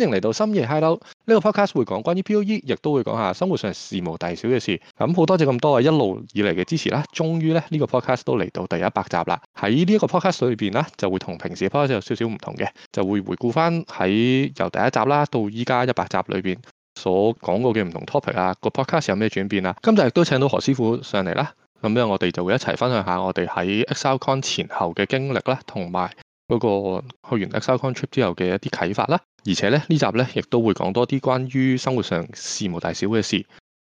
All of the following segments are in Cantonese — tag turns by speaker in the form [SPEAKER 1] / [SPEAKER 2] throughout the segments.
[SPEAKER 1] 歡迎嚟到深夜 Hideout，呢個 podcast 會講關於 PoE，亦都會講下生活上事無大小嘅事。咁好多謝咁多位一路以嚟嘅支持啦。終於咧呢個 podcast 都嚟到第一百集啦。喺呢一個 podcast 裏邊啦，就會同平時嘅 podcast 有少少唔同嘅，就會回顧翻喺由第一集啦到依家一百集裏邊所講過嘅唔同 topic 啊，個 podcast 有咩轉變啊。今日亦都請到何師傅上嚟啦。咁樣我哋就會一齊分享下我哋喺 ExileCon 前後嘅經歷啦，同埋，嗰個去完 ExileCon Trip 之後嘅一啲啟發啦，而且咧呢集咧亦都會講多啲關於生活上事無大小嘅事，事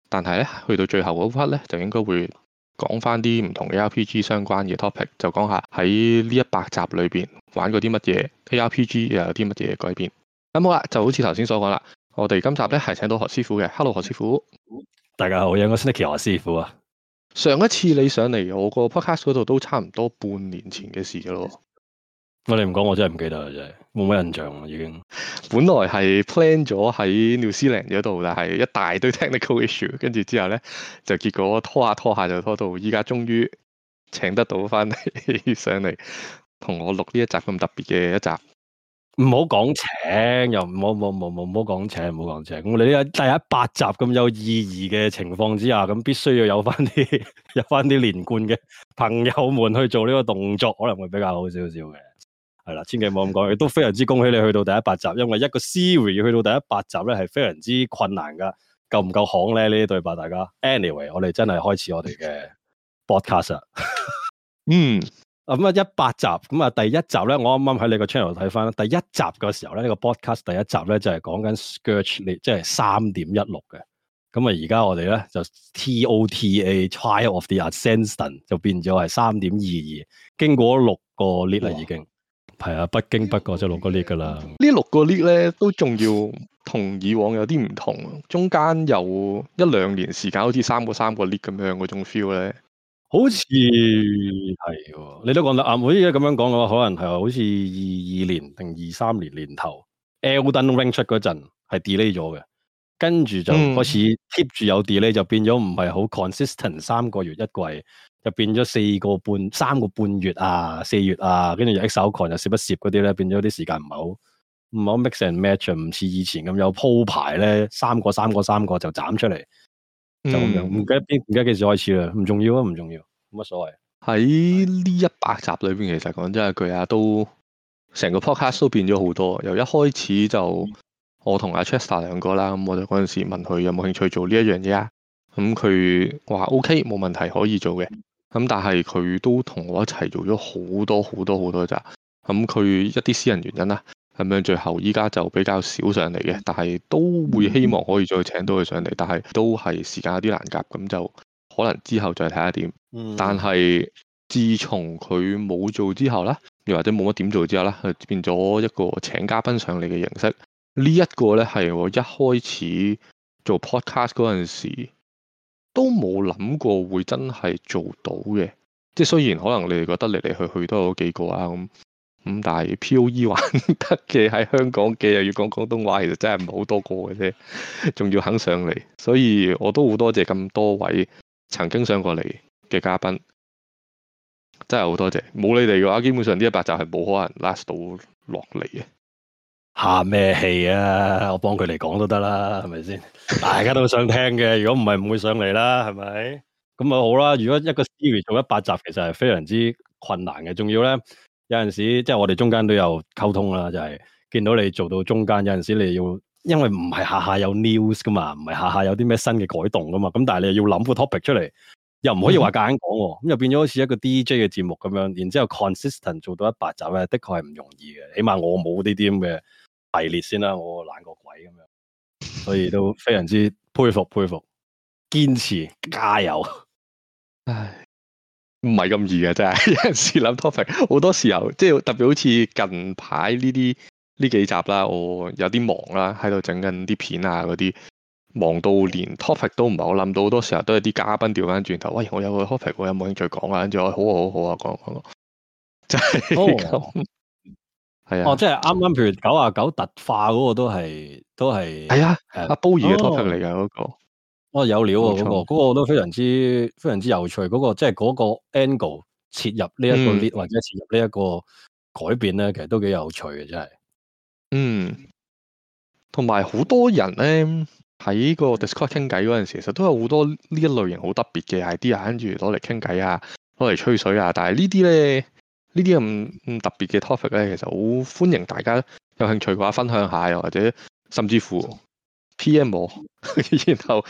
[SPEAKER 1] 但呢。但係咧去到最後嗰忽咧，就應該會講翻啲唔同嘅 RPG 相關嘅 topic，就講下喺呢一百集裏面玩過啲乜嘢，RPG 又有啲乜嘢改變。咁好啦，就好似頭先所講啦，我哋今集咧係請到何師傅嘅。Hello 何師傅，大家好，我係 Niki 何師傅啊。上一次你上嚟我個 Podcast 嗰度都差唔多半年前嘅事咯。我你唔講，我真係唔記得啦，真係冇乜印象啦，已經本來係 plan 咗喺 New Zealand 嗰度，但係一大堆 technical issue，跟住之後咧就結果拖下拖下就拖到依家，終於請得到翻嚟上嚟同我錄呢一集咁特別嘅一集。唔好講
[SPEAKER 2] 請，又唔好，冇冇唔好，唔好講請，唔好講請。咁我哋呢第一百集咁有意義嘅情況之下，咁必須要有翻啲有翻啲連貫嘅朋友們去做呢個動作，可能會比較好少少嘅。係啦，千祈唔好咁講，亦都非常之恭喜你去到第一百集，因為一個 series 去到第一百集咧，係非常之困難噶，夠唔夠行咧？呢啲對白，大家。Anyway，我哋真係開始我哋嘅 broadcast 啦。嗯，咁啊、嗯，一百集，咁啊，第一集咧，我啱啱喺你個 channel 睇翻，第一集嘅時候咧，呢、呢個 broadcast 第一集咧就係、係、講緊 Scourge，即係三點一六嘅，咁啊，而家我哋咧就 TOTA Trial of the Ascension 就變咗係三點二二，經過六個 league 啦，已經。係啊，不經不覺就是、六個 lift 噶啦。
[SPEAKER 1] 呢六個 lift 咧，都仲要同以往有啲唔同。中間有一兩年時間，好似三個三個 lift 咁樣嗰種 feel 咧，好似係。
[SPEAKER 2] 你都講得啱，我依家咁樣講嘅話，可能係好似二二年定二三年年頭 Elden Ring 出嗰陣係 delay 咗嘅。跟住就開始貼住有啲咧，嗯、就變咗唔係好 consistent。三個月一季，就變咗四個半、三個半月啊、四月啊，跟住又一 x c e 又涉不涉嗰啲咧，變咗啲時間唔係好，唔好 mix and match，唔似以前咁有鋪排咧，三個三個三個就斬出嚟，嗯、
[SPEAKER 1] 就咁樣。唔記得邊，唔記得幾時開始啦，唔重要啊，唔重要，冇乜所謂。喺呢一百集裏邊，其實講真一句啊，都成個 podcast 都變咗好多，由一開始就。我同阿 Chester 兩個啦，咁我就嗰陣時問佢有冇興趣做呢一樣嘢啊。咁佢話 OK，冇問題，可以做嘅。咁但係佢都同我一齊做咗好多好多好多咋。咁佢一啲私人原因啦，咁樣最後依家就比較少上嚟嘅。但係都會希望可以再請到佢上嚟，但係都係時間有啲難夾，咁就可能之後再睇下點。嗯、但係自從佢冇做之後啦，又或者冇乜點做之後啦，佢變咗一個請嘉賓上嚟嘅形式。呢一個呢，係我一開始做 podcast 嗰陣時都冇諗過會真係做到嘅，即係雖然可能你哋覺得嚟嚟去去都有嗰幾個啊咁咁，但係 POE 玩得嘅喺香港嘅，又要講廣東話，其實真係唔係好多個嘅啫，仲要肯上嚟，所以我都好多謝咁多位曾經上過嚟嘅嘉賓，真係好多謝，冇你哋嘅話，基本上呢一百集係冇可能 last 到落嚟嘅。下
[SPEAKER 2] 咩戲啊？我幫佢嚟講都得啦，係咪先？ 大家都想聽嘅，如果唔係唔會上嚟啦，係咪？咁啊 好啦，如果一個 series 做一百集，其實係非常之困難嘅。仲要咧，有陣時即係我哋中間都有溝通啦，就係、是、見到你做到中間，有陣時你要因為唔係下下有 news 噶嘛，唔係下下有啲咩新嘅改動噶嘛。咁但係你要諗個 topic 出嚟，又唔可以話夾硬講喎。咁 又變咗好似一個 DJ 嘅節目咁樣。然之後 consistent 做到一百集咧，的確係唔容易嘅。起碼我冇呢啲咁嘅。系列先啦，我懶個鬼咁樣，所以都非常之佩服佩服，堅持加油。唉，
[SPEAKER 1] 唔係咁易嘅真係，有陣時諗 topic，好多時候即係特別好似近排呢啲呢幾集啦，我有啲忙啦，喺度整緊啲片啊嗰啲，忙到連 topic 都唔係，我諗到好多時候都有啲嘉賓調翻轉頭，喂，我有個 topic，我有冇興趣講啊？跟住我好啊，好好啊，講講講，就係咁係啊，哦、即係啱啱，譬如九啊九突化
[SPEAKER 2] 嗰個都係，都係係啊，
[SPEAKER 1] 阿 Boer 嘅 topic 嚟㗎嗰個，
[SPEAKER 2] 哦有料啊嗰個，嗰個都非常之非常之有趣，嗰個即係嗰個 angle 切入呢一個 list、嗯、
[SPEAKER 1] 或者切入呢一個改變咧，其實都幾有趣嘅真係。嗯，同埋好多人咧喺個 Discord 傾偈嗰陣時，其實都有好多呢一類型好特別嘅 idea，跟住攞嚟傾偈啊，攞嚟吹水啊，但係呢啲咧。呢啲咁特別嘅 topic 咧，其實好歡迎大家有興趣嘅話分享下，又或者甚至乎 PM 我， 然後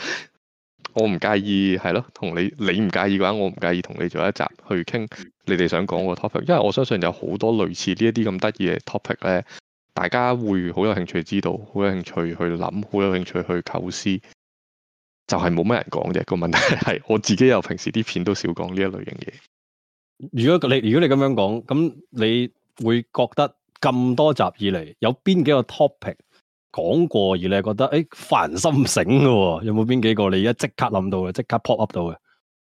[SPEAKER 1] 我唔介意係咯，同你你唔介意嘅話，我唔介意同你做一集去傾你哋想講嘅 topic，因為我相信有好多類似這些的呢一啲咁得意嘅 topic 咧，大家會好有興趣知道，好有興趣去諗，好有興趣去構思，就係冇乜人講啫。個問題係我自己又平時啲片都少講呢一類型嘢。
[SPEAKER 2] 如果你如果你咁樣講，咁你會覺得咁多集以嚟有邊幾個 topic 講過，而你係覺得誒煩心醒嘅喎？有冇邊幾個你一即刻諗到嘅，即刻 pop up 到嘅？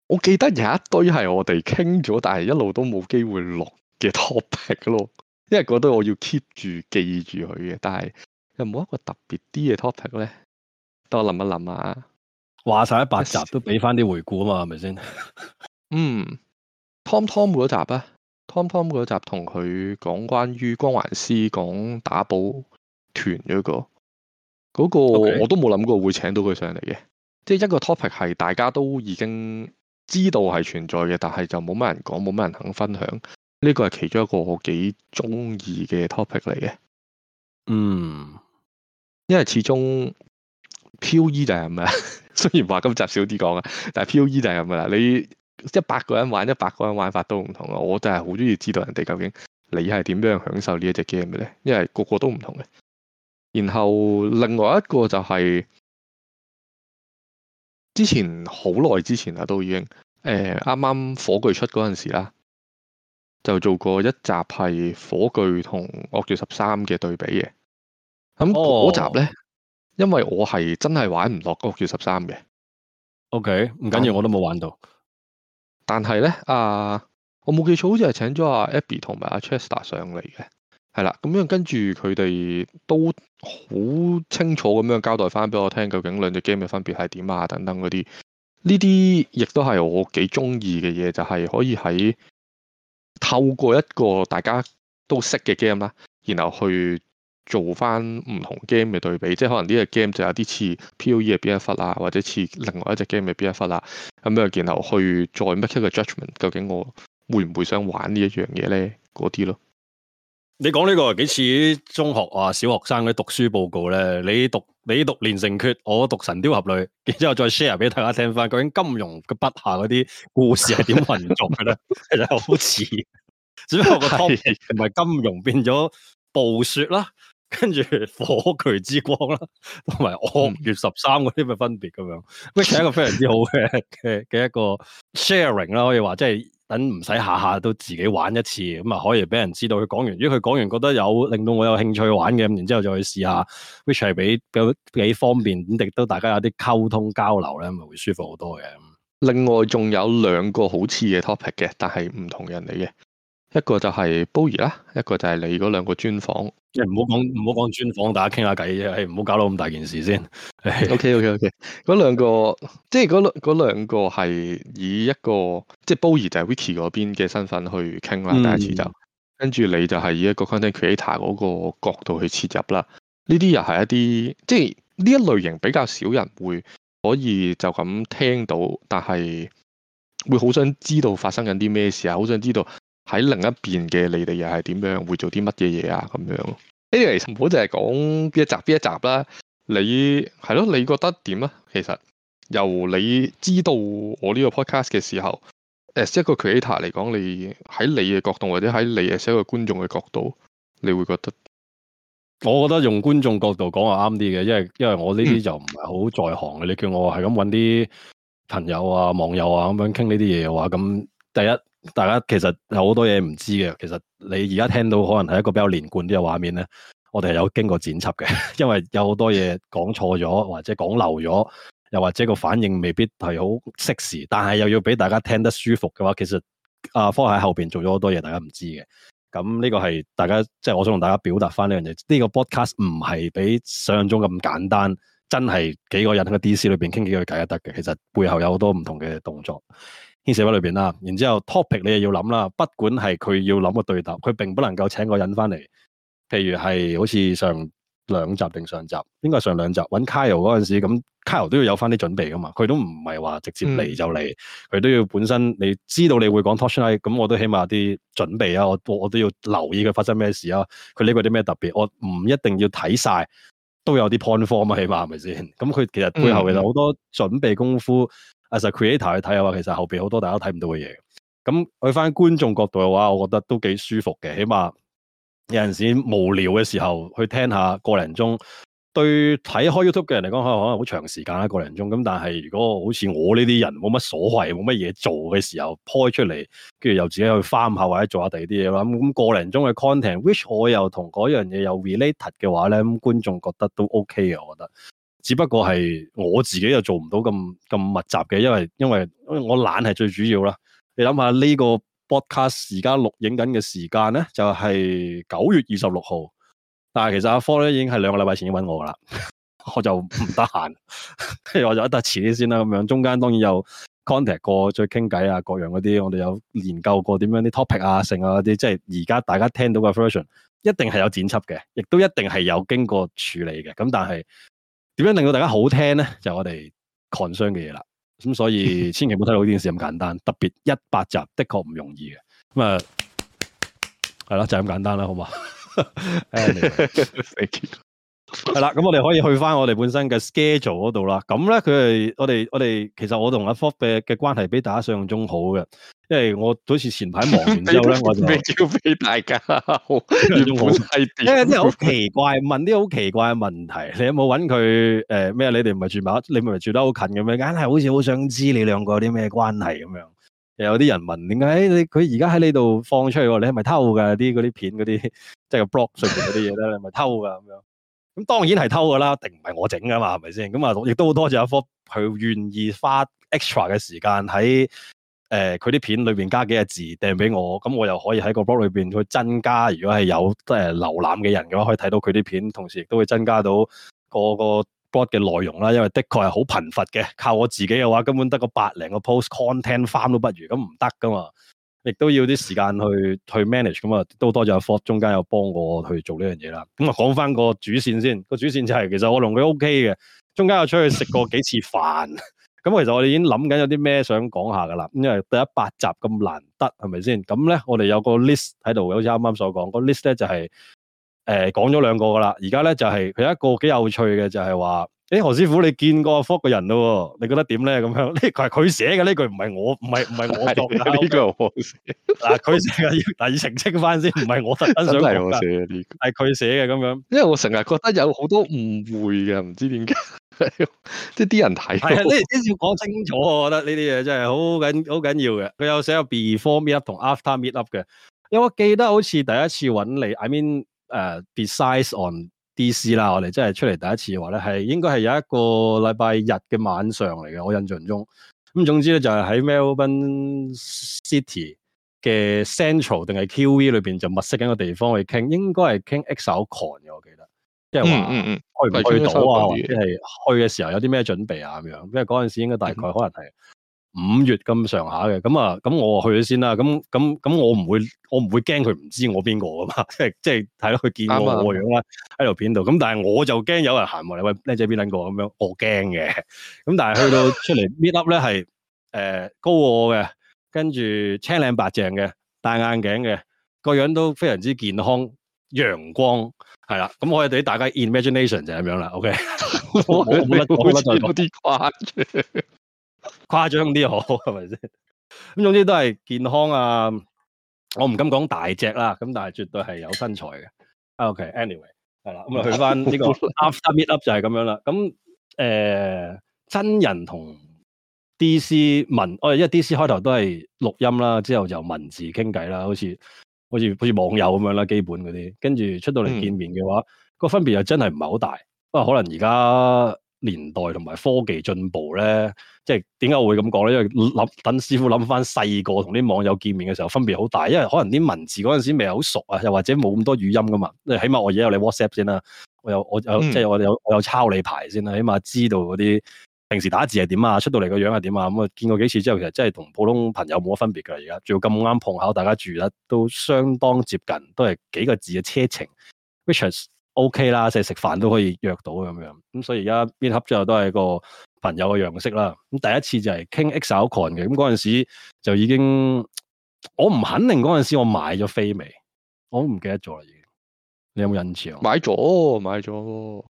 [SPEAKER 1] 我記得有一堆係我哋傾咗，但係一路都冇機會落嘅 topic 咯，因為嗰堆我要 keep 住記住佢嘅。但係有冇一個特別啲嘅 topic 咧？等我諗一諗啊！話晒一百集都俾翻啲回顧啊嘛，係咪先？嗯。Tom Tom 嗰集啊，Tom Tom 嗰集同佢講關於光環師講打保團嗰個，嗰、嗰個我都冇諗過會請到佢上嚟嘅，Okay. 即係一個 topic 係大家都已經知道係存在嘅，但係就冇乜人講，冇乜人肯分享。呢、呢個係其中一個我幾中意嘅 topic 嚟嘅。嗯，mm. 因為始終 POE 就係咁啦，雖然話今集少啲講啊，但係 POE 就係咁啦，你。一百個人玩，一百個人玩法都唔同啊！我真係好中意知道人哋究竟你係點樣享受呢一隻 game 嘅咧，因為個個都唔同嘅。然後另外一個就係之前好耐之前啊，都已經誒啱啱火炬出嗰陣時啦，就做過一集係火炬同惡月十三嘅對比嘅。咁嗰集咧，因為我係真係玩唔落惡月十三嘅。OK，唔緊要，okay, 我都冇玩到。但係咧啊，我冇記錯好，好似係請咗阿 Abby 同埋阿 Chester 上嚟嘅，係啦，咁樣跟住佢哋都好清楚咁樣交代翻俾我聽，究竟兩隻 game 嘅分別係點啊，等等嗰啲，呢啲亦都係我幾中意嘅嘢，就係、是、可以喺透過一個大家都識嘅 game 啦，然後去。做翻唔同 game 嘅對比，即係可能呢個 game 就有啲似 P.O.E 嘅邊一忽啦，或者似另外一隻 game 嘅邊一忽啦。咁樣，然後去再 make 一個 judgement，究竟我會唔會想玩呢一樣嘢咧？嗰啲咯。
[SPEAKER 2] 你講呢、這個幾似中學啊小學生咧讀書報告咧，你讀你讀連城訣，我讀神雕俠侶，然之後再 share 俾大家聽翻，究竟金庸嘅筆下嗰啲故事係點運作嘅咧？ 其實好似，只 不過個 topic 唔係金庸變咗暴雪啦。跟住火炬之光啦，同埋我月十三嗰啲嘅分別咁樣，which 係一個非常之好嘅嘅嘅一個 sharing 啦，可以話即係等唔使下下都自己玩一次，咁啊可以俾人知道佢講完，如果佢講完覺得有令到我有興趣玩嘅，咁然之後再去試一下，which 係比幾方便，咁亦都大家有啲溝通交流咧，咪會舒服好多嘅。
[SPEAKER 1] 另外仲有兩個好似嘅 topic 嘅，但係唔同人嚟嘅。一個就係 b o y 啦，一個就係你嗰兩個專訪，即係唔好講唔好講專訪，大家傾下偈啫，係唔好搞到咁大件事先。O K O K O K 嗰兩個，即係嗰兩嗰兩個係以一個即係、就係、b o y 就係 Vicky 嗰邊嘅身份去傾啦，第一次就跟住、嗯、你就係以一個 Content Creator 嗰個角度去切入啦。呢啲又係一啲即係呢一類型比較少人會可以就咁聽到，但係會好想知道發生緊啲咩事啊，好想知道。喺另一邊嘅你哋又係點樣？會做啲乜嘢嘢啊？咁樣呢個其實唔好淨係講邊一集邊一集啦。你係咯？你覺得點啊？其實由你知道我呢個 Podcast 嘅時候，誒，一個 creator 嚟講，你喺你嘅角度，或者喺你嘅一個觀眾嘅角度，你會覺得我覺得用觀眾角度講話啱啲嘅，因為因為我呢啲就
[SPEAKER 2] 唔係好在行嘅。 你叫我係咁揾啲朋友啊、網友啊咁樣傾呢啲嘢嘅話，咁第一。大家其實有好多嘢唔知嘅，其實你而家聽到可能係一個比較連貫啲嘅畫面咧，我哋係有經過剪輯嘅，因為有好多嘢講錯咗，或者講漏咗，又或者個反應未必係好適時，但係又要俾大家聽得舒服嘅話，其實阿、啊、科喺後邊做咗好多嘢，大家唔知嘅。咁呢個係大家即係、就是、我想同大家表達翻呢樣嘢，呢、這個 broadcast 唔係比想象中咁簡單，真係幾個人喺個 D.C. 裏邊傾幾句偈就得嘅，其實背後有好多唔同嘅動作。喺寫法裏邊啦，然之後 topic 你又要諗啦。不管係佢要諗嘅對答，佢並不能夠請個人翻嚟。譬如係好似上兩集定上集，應該係上兩集揾 Kyle 嗰陣時，咁 Kyle 都要有翻啲準備噶嘛。佢都唔係話直接嚟就嚟，佢、嗯、都要本身你知道你會講 talk show 咁我都起碼啲準備啊，我我都要留意佢發生咩事啊。佢呢個啲咩特別，我唔一定要睇晒，都有啲 point form 嘛，起碼係咪先？咁佢其實背後其實好多準備功夫。嗯 As a creator 去睇嘅話，其實後邊好多大家睇唔到嘅嘢。咁去翻觀眾角度嘅話，我覺得都幾舒服嘅。起碼有陣時無聊嘅時候去聽下個零鐘，對睇開 YouTube 嘅人嚟講，可能好長時間啦，個零鐘。咁但係如果好似我呢啲人冇乜所謂，冇乜嘢做嘅時候，播出嚟，跟住又自己去翻下或者做下第二啲嘢啦。咁、嗯、個零鐘嘅 content，which 我又同嗰樣嘢有 related 嘅話咧，咁觀眾覺得都 OK 嘅，我覺得。只不過係我自己又做唔到咁咁密集嘅，因為因為我懶係最主要啦。你諗下呢個 broadcast 而家錄影緊嘅時間咧，就係、是、九月二十六號。但係其實阿科咧已經係兩個禮拜前已經揾我啦，我就唔得閒， 跟住我就一得遲啲先啦。咁樣中間當然有 contact 過，再傾偈啊，各樣嗰啲。我哋有研究過點樣啲 topic 啊，剩啊嗰啲，即係而家大家聽到嘅 version 一定係有剪輯嘅，亦都一定係有經過處理嘅。咁但係點樣令到大家好聽咧？就係我哋 concern 嘅嘢啦，咁所以千祈唔好睇到呢件事咁簡單， 特別一百集的確唔容易嘅，咁啊係咯，就係咁簡單啦，好嘛？ Anyway. 係啦，咁 我哋可以去翻我哋本身嘅 schedule 嗰度啦。咁咧，佢係我哋我哋，其實我同阿 Ford 嘅關係比大家想像中好嘅，因為我好似前排忙完之後咧，我哋咩叫俾大家？好 原本係真係好奇怪，問啲好奇怪嘅問題。你有冇揾佢？誒、欸，咩？你哋唔係住埋，你唔係住得好近咁樣，硬係好似好想知你兩個有啲咩關係咁樣。又有啲人問，點解你佢而家喺呢度放出去？你係咪偷噶啲嗰啲片嗰啲，即係、個、block 上面嗰啲嘢咧？你係咪偷噶咁樣？ 咁當然係偷噶啦，定唔係我整噶嘛？係咪先？咁啊，亦都多謝阿科，佢願意花 extra 嘅時間喺誒佢啲片裏邊加幾隻字掟俾我，咁我又可以喺個 blog 裏邊去增加。如果係有即係瀏覽嘅人嘅話，可以睇到佢啲片，同時亦都會增加到嗰個 blog 嘅內容啦。因為的確係好貧乏嘅，靠我自己嘅話，根本得個百零個 post content farm 都不如，咁唔得噶嘛。亦都要啲時間去去 manage，咁啊都多謝阿 Ford 中間有幫我去做呢樣嘢啦。咁啊講翻個主線先，個主線就係、是、其實我同佢 OK 嘅，中間有出去食過幾次飯。咁 其實我哋已經諗緊有啲咩想講下噶啦，因為第一百集咁難得，係咪先？咁咧我哋有個 list 喺度，好似啱啱所、就是呃、講個 list 咧就係誒講咗兩個噶啦。而家咧就係、是、佢有一個幾有趣嘅就係、是、話。誒，何師傅，你見過阿 Fox 嘅人咯？你覺得點咧？咁樣，呢句係佢寫嘅，呢句唔係我，唔係唔係我讀啦。呢句何師傅，嗱佢 okay? 寫嘅、啊，但係
[SPEAKER 1] 要澄清翻先，唔係我特登想嚟，真係我寫嘅，呢係佢寫嘅，咁樣，因為我成日覺得有好多誤會嘅，唔知點解，即係啲人睇呢啲
[SPEAKER 2] 要講清楚。 我覺得呢啲嘢真係好緊好緊要嘅。佢有寫有 before meet up 同 after meet up 嘅，因為我記得好似第一次搵你，I mean 誒、uh，besides on。D.C. 啦，我哋真係出嚟第一次話咧，係應該係有一個禮拜日嘅晚上嚟嘅，我印象中。咁總之咧，就係喺 Melbourne City 嘅 Central 定係 Q.V. 裏面，就物色緊個地方去傾，應該係傾 ExileCon 嘅，我記得，即係話去唔去到啊，即係、嗯嗯嗯、去嘅時候有啲咩準備啊咁樣。因為嗰陣時應該大概可能係。嗯五月咁上下嘅，咁啊，咁我去咗先啦。咁咁咁，我唔會，我唔會驚佢唔知我邊個噶嘛。即係即係，睇到佢見過我個樣啦，喺度片度。咁但係我就驚有人行埋嚟，喂，靚仔邊撚個咁樣，我驚嘅。咁但係去到出嚟 meet up 咧，係誒、 呃、高我嘅，跟住青靚白淨嘅，戴眼鏡嘅，個樣都非常之健康陽光，係啦。咁我哋對大家 imagination 就係咁樣啦。OK， 我我好似攞啲框誇張啲好係咪先？咁 總之都係健康啊！我唔敢講大隻啦，咁但係絕對係有身材嘅。OK, anyway 係啦，咁啊 去翻呢個 After Meet Up 就係咁樣啦。咁誒， 真、呃、人同 D C 文，因為 D C 開頭都係錄音啦，之後就文字傾偈啦，好似好似好似網友咁樣啦，基本嗰啲，跟住出到嚟見面嘅話，嗯、個分別又真係唔係好大。不過可能而家年代同埋科技進步咧，即係點解我會咁講咧？因為等師傅諗翻細個同啲網友見面嘅時候，分別好大。因為可能啲文字嗰陣時未係好熟啊，又或者冇咁多語音噶嘛。即係起碼我而家有你 WhatsApp 先啦，我有我、即係、我有即係我有我有抄你牌先啦。起碼知道嗰啲平時打字係點啊，出到嚟個樣係點啊。咁啊見過幾次之後，其實真係同普通朋友冇乜分別㗎。而家仲要咁啱碰巧大家住得都相當接近，都係幾個字嘅車程。Which O.K. 啦，即係食飯都可以約到咁樣，咁、嗯、所以而家邊盒最後都係個朋友嘅樣式啦。咁、嗯、第一次就係傾 ExileCon 嘅，咁嗰陣時就已經我唔肯定嗰陣時我買咗飛未，我唔記得咗啦已經。你有冇印象？買咗，買咗，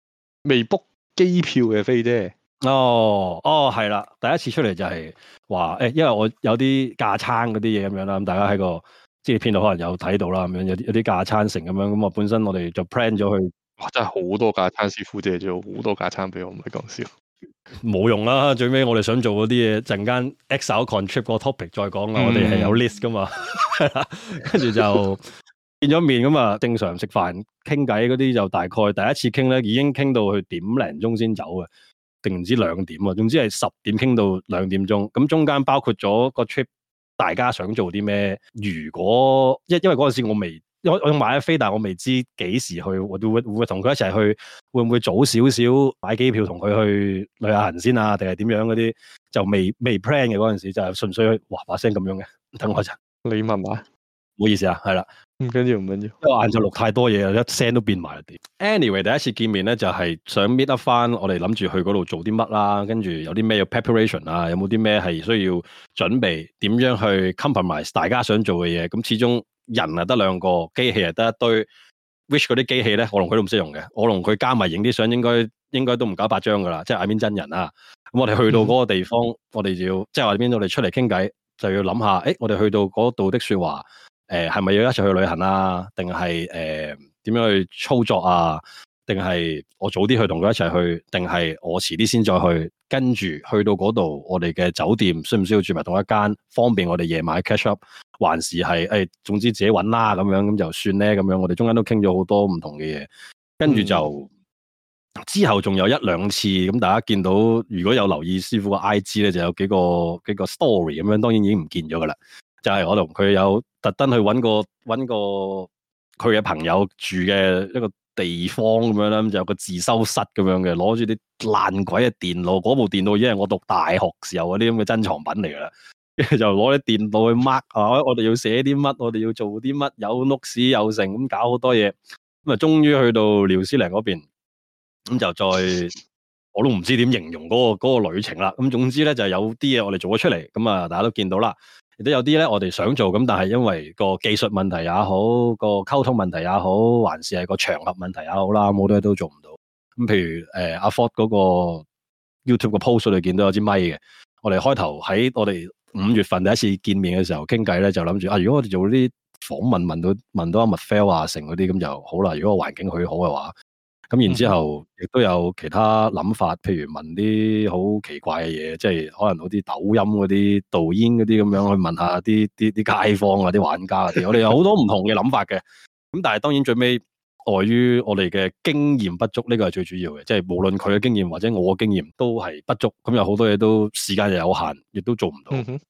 [SPEAKER 2] 未 book 機票嘅飛啫。哦，哦，係啦，第一次出嚟就係話誒，因為我有啲架撐嗰啲嘢咁樣啦，咁大家喺個。即係片度可能有睇到啦，咁樣有啲有啲架餐成咁樣，咁啊本身我哋就 plan 咗去，
[SPEAKER 1] 哇真係好多架餐師傅借咗好多架餐俾我，唔係講笑，
[SPEAKER 2] 冇用啦。最尾我哋想做嗰啲嘢，陣間 ExileCon trip 個 topic 再講啦。嗯、我哋係有 list 噶嘛，跟住 就見咗面咁啊，正常食飯傾偈嗰啲就大概第一次傾咧，已經傾到去點零鐘先走嘅，定唔知兩點啊，總之係十點傾到兩點鐘，咁中間包括咗個 trip。大家想做啲咩？如果因因為嗰陣時我未，我買咗飛，但係我未知幾時去，我會會同佢一齊去，會唔會早少少買機票同佢去旅下行先啊？定係點樣嗰啲就未未 plan 嘅嗰陣時，就係純粹去嘩嘩聲咁樣嘅。等我一陣，你問嘛？唔好意思啊，係啦。唔緊要，唔緊要。我晏晝錄太多嘢，一聲都變埋一啲。Anyway，第一次見面咧，就係想 meet up 翻。我哋諗住去嗰度做啲乜啦，跟住有啲咩要 preparation 啊，有冇啲咩係需要準備，點樣去 compromise 大家想做嘅嘢。咁始終人啊得兩個，機器啊得一堆。 which 嗰啲機器咧，我同佢都唔識用嘅。我同佢加埋影啲相，應該應該都唔搞八張噶啦，即係 I mean 真人啊。咁我哋去到嗰個地方， 我哋要即係話邊度，我哋出嚟傾偈就要諗下，誒，我哋去到嗰度的說話。誒，係咪、呃、要一齊去旅行啊？定係誒，點、呃、樣去操作啊？定係我早啲去同佢一齊去？定係我遲啲先再去？跟住去到嗰度，我哋嘅酒店需唔需要住埋同一間？方便我哋夜晚 catch up，還是係誒、哎，總之自己搵啦咁樣咁就算咧。咁樣我哋中間都傾咗好多唔同嘅嘢，跟住就、嗯、之後仲有一兩次，咁大家見到如果有留意師傅個 IG 咧，就有幾個幾個 story 咁樣，當然已經唔見咗噶啦。就係我同佢有特登去揾個揾個佢嘅朋友住嘅一個地方咁樣啦，咁就有個自修室咁樣嘅，攞住啲爛鬼嘅電腦，嗰部電腦已經係我讀大學時候嗰啲咁嘅珍藏品嚟啦。跟住就攞啲電腦去 mark 下，我哋要寫啲乜，我哋要做啲乜，有 note 又剩，咁搞好多嘢。咁啊，終於去到廖思娘嗰邊，咁就再我都唔知點形容嗰個嗰個旅程啦。咁總之咧，就係有啲嘢我哋做咗出嚟，咁啊，大家都見到啦。亦都有啲咧，我哋想做咁，但係因為個技術問題也好，個溝通問題也好，還是係個場合問題也好啦，好多嘢都做唔到。咁譬如誒，阿 Ford 嗰個 YouTube 個 post 裏見到有支咪嘅，我哋開頭喺我哋五月份第一次見面嘅時候傾偈咧，就諗住啊，如果我哋做啲訪問,問到，問到問到阿 McFell 啊成嗰啲咁就好啦。如果環境許可嘅話。咁然之後，亦都有其他諗法，譬如問啲好奇怪嘅嘢，即係可能好似抖音嗰啲導演嗰啲咁樣去問下啲啲啲街坊啊、啲玩家啲， 我哋有好多唔同嘅諗法嘅。咁但係當然最尾礙於我哋嘅經驗不足，呢個係最主要嘅，即係無論佢嘅經驗或者我嘅經驗都係不足。咁有好多嘢都時間又有限，亦
[SPEAKER 1] 都做唔到。嗯哼，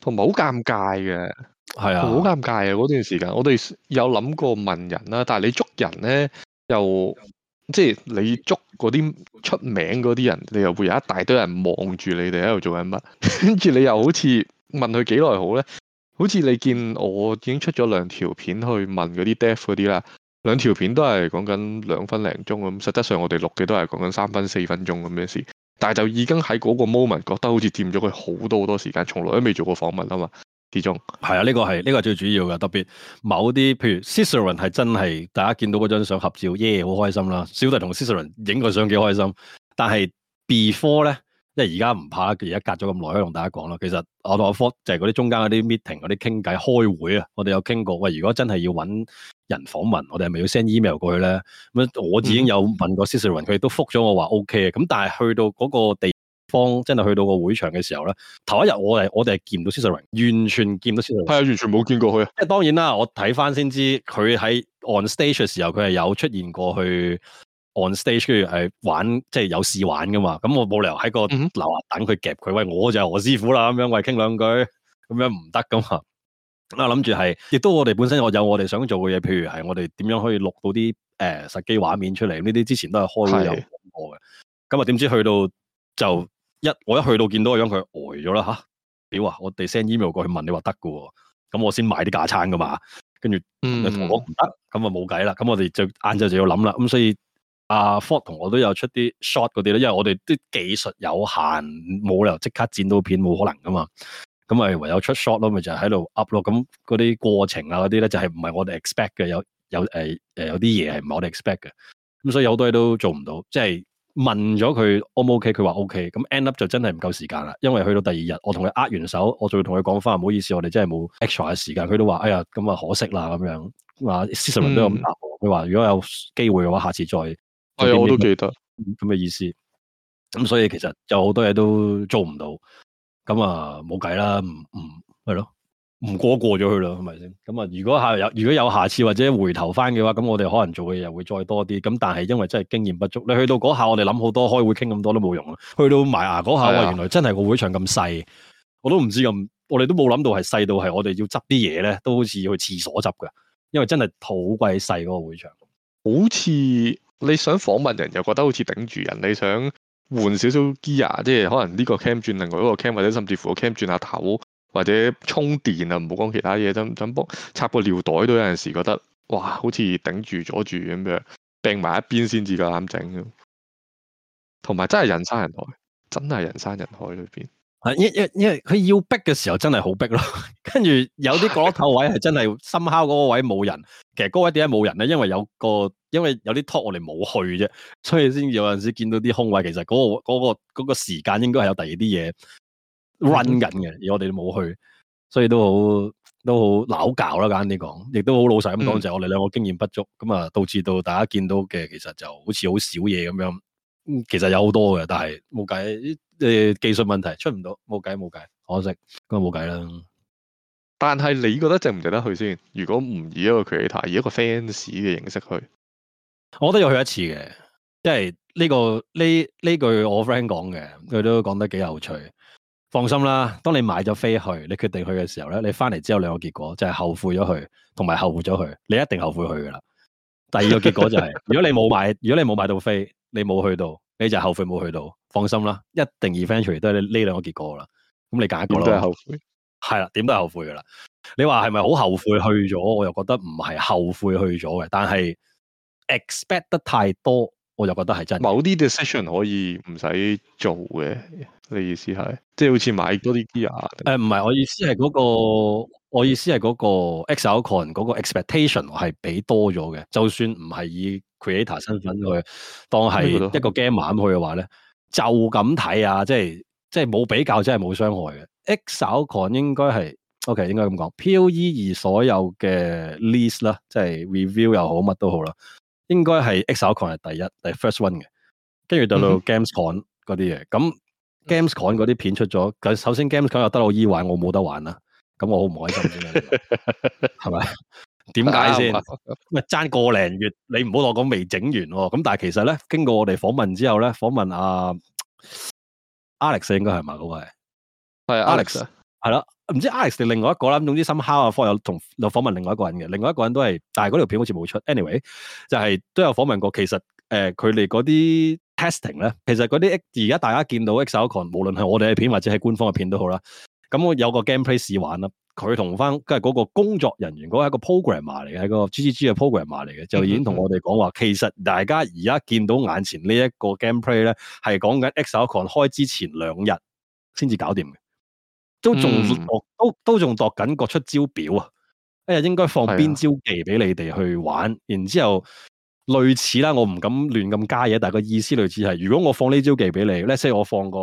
[SPEAKER 1] 同埋好尷尬嘅，係啊，好尷尬啊！嗰段時間，我哋有諗過問人啦，但係你捉人咧又～即係你捉嗰啲出名嗰啲人，你又會有一大堆人望住你哋喺度做緊乜，跟 住你又好似問佢幾耐好咧？好似你見我已經出咗兩條片去問嗰啲 dev 嗰啲啦，兩條片都係講緊兩分零鐘咁，實質上我哋錄嘅都係講緊三分四分鐘咁嘅事，但係就已經喺嗰個 moment 覺得好似佔咗佢好多好多時間，從來都未做過訪問啊嘛。其中係啊，
[SPEAKER 2] 呢、這個係呢、這個是最主要嘅，特別某啲譬如 Cesarin 係真係大家見到嗰張相合照耶，好開心啦，小弟同 Cesarin 影個相幾開心。但係 before 咧，因為而家唔怕，而家隔咗咁耐，同大家講啦，其實我同我科就係嗰啲中間嗰啲 meeting 嗰啲傾偈開會啊，我哋有傾過喂，如果真係要揾人訪問，我哋係咪要 send email 過去咧？咁我自己有問過 Cesarin 佢哋都覆咗我話 OK，咁但係去到嗰個地。方真係去到個會場嘅時候咧，頭一日我哋我哋係見唔到 C 瑟榮，完全見唔到 C 瑟榮，係啊，完全冇見過佢。即係當然啦，我睇翻，先知佢喺 on stage 嘅時候，佢係有出現過去 on stage，係玩即係有試玩噶嘛。咁我冇理由喺個樓下等佢夾佢，嗯、哼喂，我就係何師傅啦，咁樣喂，傾兩句，咁樣唔得噶嘛。咁啊，諗住係亦都我哋本身我有我哋想做嘅嘢，譬如係我哋點樣可以錄到啲誒、呃、實機畫面出嚟，呢啲之前都係開過有講過嘅。咁啊是，點知去到就。一我一去到見到個樣，佢呆咗啦吓。屌啊，我哋 send email 過去問你話得噶，咁我先買啲架餐噶嘛。跟住、嗯、同我講唔得，咁啊冇計啦。咁我哋就晏晝就要諗啦。咁所以阿、啊、Ford 同我都有出啲 shot 嗰啲咧，因為我哋啲技術有限，冇理由即刻剪到片，冇可能噶嘛。咁咪唯有出 shot 咯，咪就喺度 up 咯。咁嗰啲過程啊嗰啲咧，就係唔係我哋 expect 嘅，有有誒誒、呃、有啲嘢係唔係我哋 expect 嘅。咁所以好多嘢都做唔到，即係。問咗佢 O 唔 O K？佢話 O K。咁 end up 就真係唔夠時間啦，因為去到第二日，我同佢握完手，我仲要同佢講翻唔好意思，我哋真係冇 extra 嘅時間。佢都話：哎呀，咁啊可惜啦咁樣。嗱 c s s n 都有咁答我。佢話、嗯：如果有機會嘅話，下次再什麼什麼。係啊、哎，我都記得咁嘅意思。咁所以其實就有好多嘢都做唔到。咁啊，冇計啦，唔唔係咯。嗯唔過過咗去啦，係咪先？咁啊，如果下有如果有下次或者回頭翻嘅話，咁我哋可能做嘅嘢又會再多啲。咁但係因為真係經驗不足，你去到嗰下我哋諗好多，開會傾咁多都冇用啦。去到埋牙嗰下，哇、啊！我原來真係個會場咁細，我都唔知咁，我哋都冇諗到係細到係我哋要執啲嘢咧，都好似要去廁所執㗎，因為真係好鬼細嗰個會場。
[SPEAKER 1] 好似你想訪問人又覺得好似頂住人，你想換少少 gear，即係可能呢個 cam 轉另外一個 cam，或者甚至乎個 cam 轉下頭。或者充電啊，唔好講其他嘢，怎怎幫插個尿袋都有陣時覺得，哇，好似頂住咗住咁樣，掟埋一邊先至夠膽整。同埋真係人山人海，真係人山人海裏邊。啊，因因因
[SPEAKER 2] 為佢要逼嘅時候真係好逼咯，跟 住有啲角落頭位係真係 深烤嗰個位冇人。其實嗰位點解冇人咧？因為有個因為有啲 talk 我哋冇去啫，所以先有陣時見到啲空位。其實嗰、嗰個嗰、嗰個嗰、嗰個嗰個時間應該係有第二啲嘢。run 緊嘅，嗯、而我哋冇去，所以都好都好拗教啦，簡單啲講，亦都好老實咁講就係我哋兩個經驗不足，咁啊導致到大家見到嘅其實就好似好少嘢咁樣，其實有好多嘅，但係冇計，誒技術問題出唔到，冇計冇計，可惜，咁冇計啦。
[SPEAKER 1] 但係你覺得值唔值得去先？如果唔以一個 creator 以一個 fans 嘅形式去，我覺得要去一次嘅，即
[SPEAKER 2] 係呢個呢呢句我 friend 講嘅，佢都講得幾有趣。放心啦，當你買咗飛去，你決定去嘅時候咧，你翻嚟之後兩個結果，就係、是、後悔咗去，同埋後悔咗去。你一定後悔去噶啦。第二個結果就係、是， 如果你冇買，如果你冇買到飛，你冇去到，你就後悔冇去到。放心啦，一定 eventually 都係呢兩個結果啦。咁你揀一個咯。都係後悔。係啦，點都係後悔噶啦。你話係咪好後悔去咗？我又覺得
[SPEAKER 1] 唔係後悔去咗嘅，但係 expect 得太多，我又覺得係真係。某啲 decision 可以唔使做嘅。你意思係，即係好似買多啲 gear 啊？誒、呃，唔係，我意思係嗰、嗰個，我意思係嗰 ExileCon 嗰個
[SPEAKER 2] expectation 係俾多咗嘅。就算唔係以 creator 身份去當係一個 game 玩去嘅話咧，就咁睇啊，即係即係冇比較，即係冇傷害嘅。ExileCon 應該係 OK，應該咁講。POE2 所有嘅 list 啦，即係 review 又好，乜都好啦，應該係 ExileCon 係第一，係 first one 嘅。跟住就到 GamesCon 嗰啲嘢，咁、嗯。Gamescom 嗰啲片出咗，首先 Gamescom 又得我依玩，我冇得玩啦，咁我好唔開心嘅，係咪？ 點解先？咪爭 個零月，你唔好同我講未整完，哦，咁但係其實咧，經過我哋訪問之後咧，訪問阿、啊、Alex 應該係嘛嗰位，係 Alex，係啦，唔知 Alex 定另外一個啦，總之 somehow 啊，方有同又訪問另外一個人嘅，另外一個人都係，但係嗰條片好似冇出。Anyway，就係都有訪問過，其實誒佢哋嗰啲。呃 Testing 咧，其實嗰啲而家大家見到 ExileCon，無論係我哋嘅片或者係官方嘅片都好啦。咁我有個 gameplay 試玩啦，佢同翻即係嗰個工作人員嗰一個 programmer 嚟嘅，係個 GGG 嘅 programmer 嚟嘅，就已經同我哋講話，其實大家而家見到眼前這 Game play 呢一個 gameplay 咧，係講緊 ExileCon 開之前兩日先至搞掂嘅，都仲度、嗯、都都仲度緊個出招表啊！一日應該放邊招技俾你哋去玩，是啊、然之後。類似啦，我唔敢亂咁加嘢，但係個意思類似係，如果我放呢招技俾你 let's say 我放個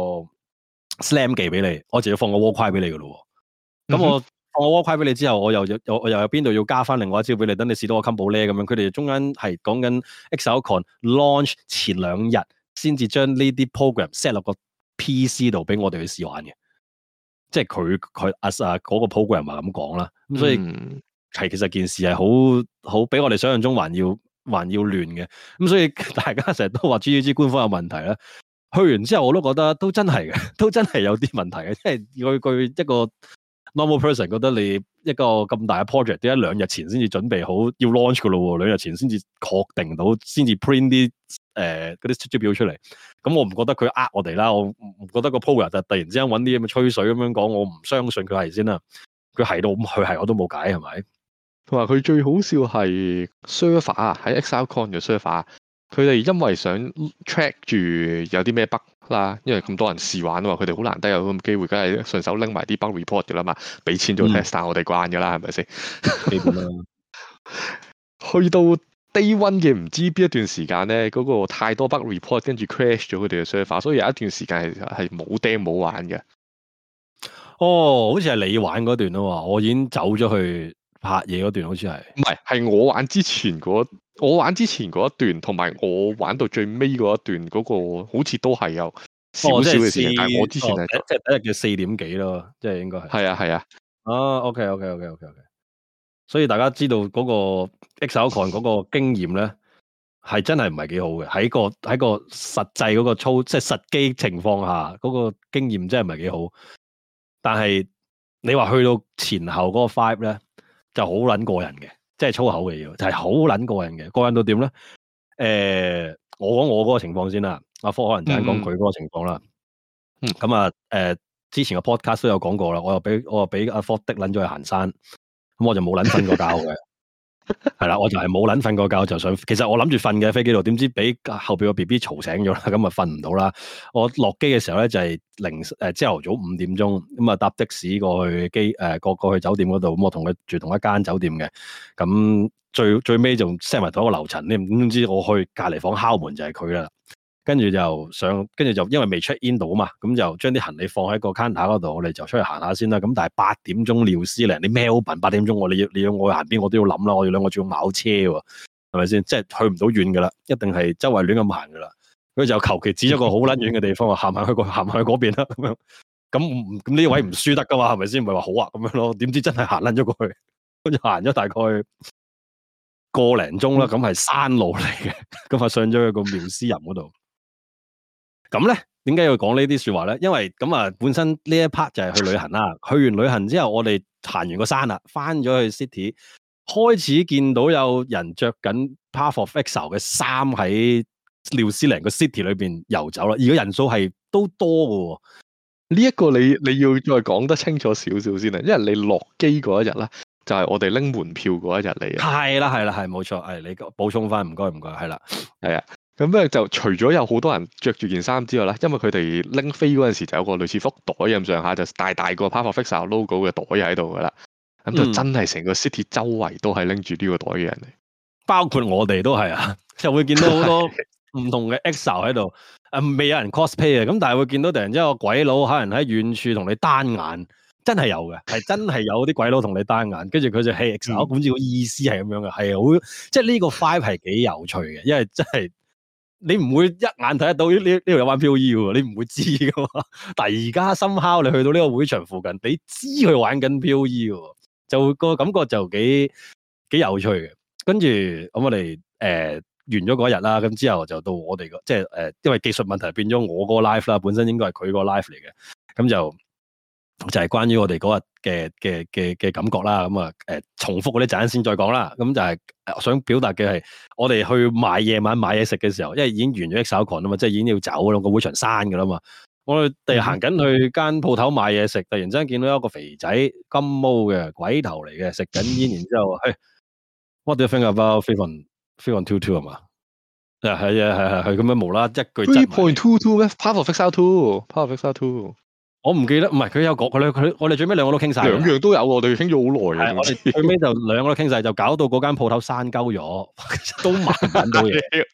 [SPEAKER 2] slam 技俾你，我就要放個 war cry 俾你噶咯。咁、嗯、哼我放個 war cry 俾你之後，我又我又有邊度要加翻另外一招俾你，等你試到個 combo 咧咁樣。佢哋中間係講緊 ExileCon launch 前兩日先至將呢啲 program set 落個 PC 度俾我哋去試玩嘅，即係佢佢阿嗰個 program 話咁講啦。所以係、嗯、其實件事係好好比我哋想象中還要。還要亂嘅，咁所以大家成日都話 GGG 官方有問題啦。去完之後我都覺得都真係嘅，都真係有啲問題嘅。即係佢佢一個 normal person 覺得你一個咁大嘅 project，點解兩日前先至準備好要 launch 噶咯，兩日前先至確定到，先至 print 啲誒嗰啲出表出嚟。咁我唔覺得佢呃我哋啦，我唔覺得個 program 突然之間揾啲咁嘅吹水咁樣講，我唔相信佢係先啦。佢係到唔佢係我都冇解係咪？
[SPEAKER 1] 同埋佢最好笑係 server 喺 ExileCon 嘅 server，佢哋因為想 track 住有啲咩 bug 啦，因為咁多人試玩啊嘛，佢哋好難得有咁嘅機會，梗係順手拎埋啲 bug report 噶啦嘛，俾錢做 test，但我哋慣噶啦，係咪先？基本啦。 去到 day one 嘅唔知邊一段時間咧，嗰、嗰個太多 bug report 跟住 crash 咗佢哋嘅 server，所以有一段時間係係冇 demo 冇玩嘅。哦，好似係你玩嗰段啊嘛，我已經走咗去。拍嘢嗰段好似係唔係？係我玩之前嗰我玩之前一段，同埋我玩到最尾嗰一段、嗰個，嗰個好似都係有少少嘅事情。哦、但係我之前係即
[SPEAKER 2] 係第一日嘅四點幾咯，即係應該係。係啊係啊，係啊，啊 OK OK OK OK OK，所以大家知道嗰個 ExileCon 嗰個經驗咧，係 真係唔係幾好嘅。喺個喺個實際嗰個操，即係實機情況下嗰、嗰個經驗真係唔係幾好。但係你話去到前後嗰個 vibe 咧？就好撚過癮嘅，即係粗口嘅嘢，就係好撚過癮嘅。過癮到點咧？我講我嗰個情況先啦。阿科可能就講佢嗰個情況啦。嗯、hmm. 啊，咁、呃、啊，之前個 podcast 都有講過啦。我又俾我又俾阿科的撚咗去行山，咁我就冇撚瞓過覺嘅。 係啦， 我就係冇捻瞓過覺，就想其實我諗住瞓嘅飛機度，點知俾後邊個 B B 嘈醒咗啦，咁啊瞓唔到啦。我落機嘅時候咧就係、是、零誒朝頭早五點鐘，咁啊搭的士過去機誒、呃、過去過去酒店嗰度，咁、嗯、我同佢住同一間酒店嘅，咁、嗯、最，最最尾仲 share 埋同一個樓層添，總之我去隔離房敲門就係佢啦。跟住就上，跟住就因為未 check in 到啊嘛，咁就將啲行李放喺個 counter 嗰度，我哋就出去行下先啦。咁但係八點鐘尿師咧，你 Melbourne 八點鐘我要你要你要我行邊？我都要諗啦。我哋兩個仲要踎車喎，係咪先？即係去唔到遠噶啦，一定係周圍亂咁行噶啦。佢就求其指咗個好撚遠嘅地方話，行埋 去個行埋去嗰邊啦咁樣。咁咁呢位唔輸得噶嘛？係咪先？咪話好啊咁樣咯。點知真係行撚咗過去，跟住行咗大概個零鐘啦。咁係 山路嚟嘅，咁啊上咗去個尿思人嗰度。 咁咧，點解要講呢啲說話咧？因為咁啊，本身呢一 part 就係去旅行啦。 去完旅行之後，我哋行完個山啦，翻咗去 city，開始見到有人着緊 Path of Exile 嘅衫喺廖思玲個 city
[SPEAKER 1] 裏面遊走啦。而家人數係都多喎，呢一個你你要再講得清楚少少先啊，因為你落機嗰一日咧，就係、是、我哋拎門票嗰一日嚟。
[SPEAKER 2] 係啦，係啦，係冇錯。你補充翻，唔該，唔該，係啦，
[SPEAKER 1] 啊。咁咧就除咗有好多人穿着住件衫之外咧，因為佢哋拎飛嗰陣時就有個類似福袋咁上下，就大大個 Path of Exile、er、logo 嘅袋喺度噶啦。咁、嗯、就真係成個 city 周圍都係拎住呢個袋嘅人嚟，包括我哋都係 啊，
[SPEAKER 2] 就會見到好多唔同嘅 Exile 喺度，誒未有人 cosplay 嘅，咁但係會見到突然之間個鬼佬可能喺遠處同你單眼，真係有嘅，係真係有啲鬼佬同你單眼，跟住佢就係 Exile，好似個意思係咁樣嘅，係好，即係呢個 vibe 係幾有趣嘅，因為真係。你唔會一眼睇得到呢呢度有玩 PoE 喎，你唔會知噶嘛。但而家深烤，你去到呢個會場附近，你知佢玩緊 PoE 喎，就、這個感覺就幾幾有趣嘅。跟住咁我哋誒、呃、完咗嗰日啦，咁之後就到我哋個即係、呃、因為技術問題變咗我個 live 啦，本身應該係佢個 live 嚟嘅，咁就。就係關於我哋嗰日嘅嘅嘅嘅感覺啦，咁啊重複嗰啲陣先再講啦。咁就係想表達嘅係我哋去買夜晚買嘢食嘅時候，因為已經完咗 X 手控啊嘛，即係已經要走啦，個會場閂嘅啦嘛。我哋行緊去間鋪頭買嘢食，突然之間見到一個肥仔金毛嘅鬼頭嚟嘅，食緊煙，然之後，what do you think about f h r e e one three one two two 係嘛？係啊，係係佢咁樣，無啦一句 t h
[SPEAKER 1] point two two p o w e r t w o p o w e r two。
[SPEAKER 2] 我唔記得，唔係佢有講，佢咧佢我哋最尾兩個都傾晒，兩樣都有，我哋傾咗好耐最尾就兩個都傾晒， 就搞到嗰間鋪頭山鳩咗，都麻煩咗嘅。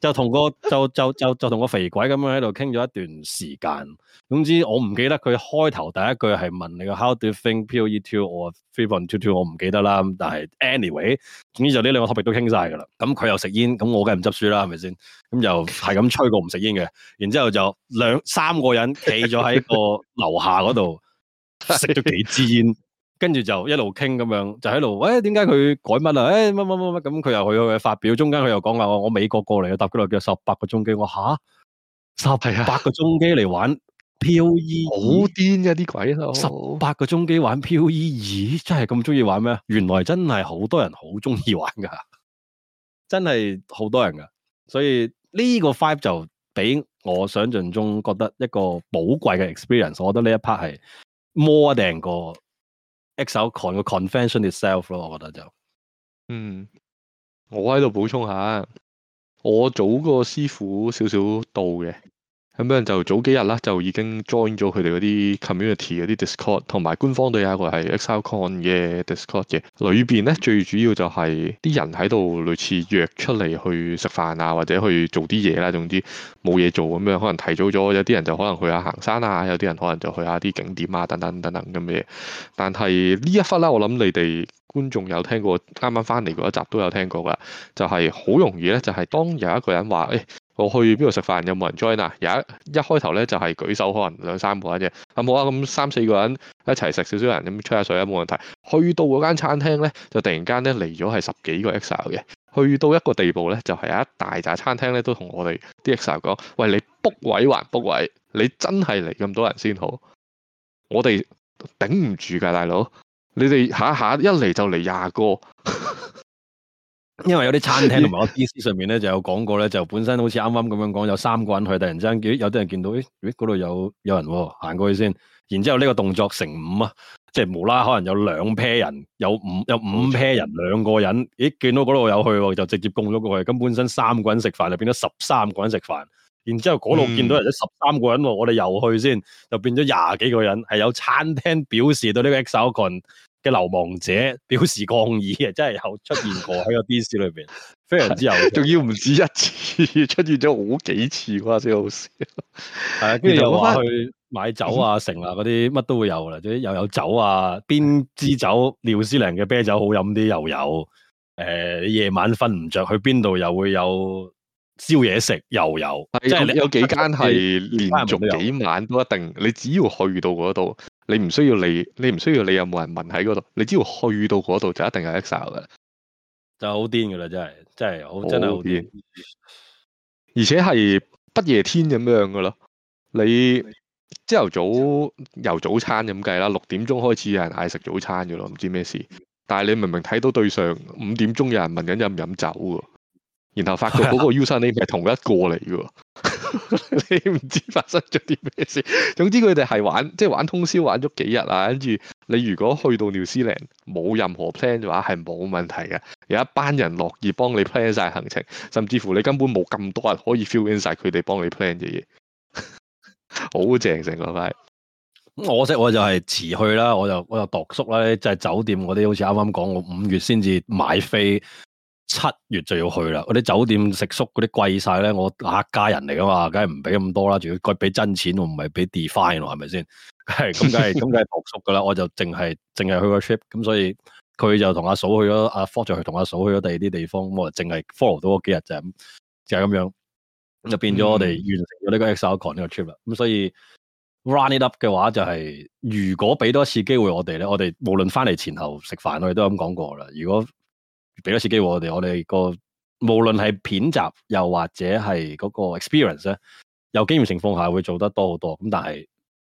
[SPEAKER 2] 就同個就就就就同個肥鬼咁樣喺度傾咗一段時間，總之我唔記得佢開頭第一句係問你個 How do you think POE2 or 3.22？我唔記得啦，但係 anyway，總之就呢兩個 topic 都傾晒噶啦。咁佢又食煙，咁我梗係唔執輸啦，係咪先？咁就係咁吹過唔食煙嘅，然之後就兩三個人企咗喺個樓下嗰度食咗幾支煙。跟住就一路傾咁樣，就喺度，誒點解佢改乜啊？誒乜乜乜乜咁，佢又去去發表。中間佢又講話我美國過嚟又搭幾耐機，十八個鐘機，我吓？十八個鐘機嚟玩 POE 好癲嘅，啲鬼十八個鐘機玩 POE 咦真係咁中意玩咩？原來真係好多人好中意玩噶， 真係好多人噶。所以呢個 five 就比我想象中覺得一個寶貴嘅 experience。我覺得呢一 part 係 more than 個。一手 con 個 convention itself 咯，我覺得就，
[SPEAKER 1] 嗯，我喺度補充下，我早個師傅少少到嘅。咁樣就早幾日啦，就已經 join 咗佢哋嗰啲 community 嗰啲 Discord，同埋官方都有一個係 ExileCon 嘅 Discord 嘅。裏面咧最主要就係啲人喺度類似約出嚟去食飯啊，或者去做啲嘢啦，總之冇嘢做咁樣。可能提早咗，有啲人就可能去下行山啊，有啲人可能就去下啲景點啊，等等等等咁嘅。但係呢一忽啦，我諗你哋觀眾有聽過，啱啱翻嚟嗰一集都有聽過噶，就係、是、好容易咧，就係當有一個人話我去邊度食飯有冇人 join 啊？有一一開頭咧就係、是、舉手，可能兩三個啫。啊、嗯、冇啊，咁三四個人一齊食，少少人咁吹下水啊冇問題。去到嗰間餐廳咧，就突然間咧嚟咗係十幾個 extra 嘅。去到一個地步咧，就係、是、有一大扎餐廳咧都同我哋啲 extra 講：喂，你 book 位還 book 位？你真係嚟咁多人先好，我哋頂唔住㗎，大佬！你哋下下一嚟就嚟廿個。
[SPEAKER 2] 因為有啲餐廳同埋我 B 站上面咧就有講過咧， 就本身好似啱啱咁樣講，有三個人去，突然之間，有啲人見到，咦，嗰度有有人行過去先，然之後呢個動作成五啊，即係無啦啦可能有兩 pair 人，有五有五 pair 人，兩個人，咦，見到嗰度有去喎，就直接供咗過去，咁本身三個人食飯就變咗十三個人食飯，然之後嗰度見到人哋十三個人，嗯、我哋又去先，就變咗廿幾個人，係有餐廳表示到呢個 e x c l u s 嘅流亡者表示抗議啊，真係有出現過喺個電視裏邊， 非常之有，
[SPEAKER 1] 仲要唔止一次出現咗好幾次，哇死好笑。
[SPEAKER 2] 係啊，跟住又話去買酒啊、成啊嗰啲乜都會有啦，即又有酒啊，邊支酒廖思娘嘅啤酒好飲啲又有，誒、呃，夜晚瞓唔着去邊度又會有。燒嘢食又有，即係是有幾間係連續幾
[SPEAKER 1] 晚都一定。你只要去到嗰度，你唔需要你，你唔需要你有冇人問喺嗰度，你只要去到嗰度就一定係 Excel 嘅，
[SPEAKER 2] 就好癲噶啦！真係，真係好天，真係好
[SPEAKER 1] 癲。而且係不夜天咁樣㗎咯，你朝頭早的由早餐咁計啦，六點鐘開始有人嗌食早餐㗎咯，唔知咩事。但係你明明睇到對象，五點鐘有人問緊飲唔飲酒嘅。然後發覺嗰個 user name 係同一個嚟嘅，你唔知發生咗啲咩事。總之佢哋係玩，即係玩通宵玩咗幾日啊！跟住你如果去到紐西蘭，冇任何 plan 嘅話，係冇問題嘅。有一班人樂意幫你 plan 曬行程，甚至乎你根本冇咁多人可以 fill in 曬，佢哋幫你 plan 啲嘢。好正，成個 friend 我識，我就係
[SPEAKER 2] 遲去啦，我就我就獨宿啦，即係酒店嗰啲好似啱啱講，我五月先至買飛。七月就要去啦，嗰啲酒店食宿嗰啲貴晒咧，我客家人嚟噶嘛，梗係唔俾咁多啦，仲要俾真錢，我唔係俾 define 咯，係咪先？係咁，梗係咁，梗係白宿噶啦，我就淨係淨係去個 trip，咁所以佢就同阿嫂去咗，阿 four 就同阿嫂去咗第二啲地方，我淨係 follow 到幾日啫，就係咁，就係咁樣，就變咗我哋完成咗呢個 ExileCon 呢個 trip 啦。咁所以 run it up 嘅話、就係，就係如果俾多一次機會我哋咧，我哋無論翻嚟前後食飯，我哋都咁講過啦。如果俾多次機會我哋，我哋、個無論係片集又或者係嗰個 experience 咧，有經驗情況下會做得多好多。咁但係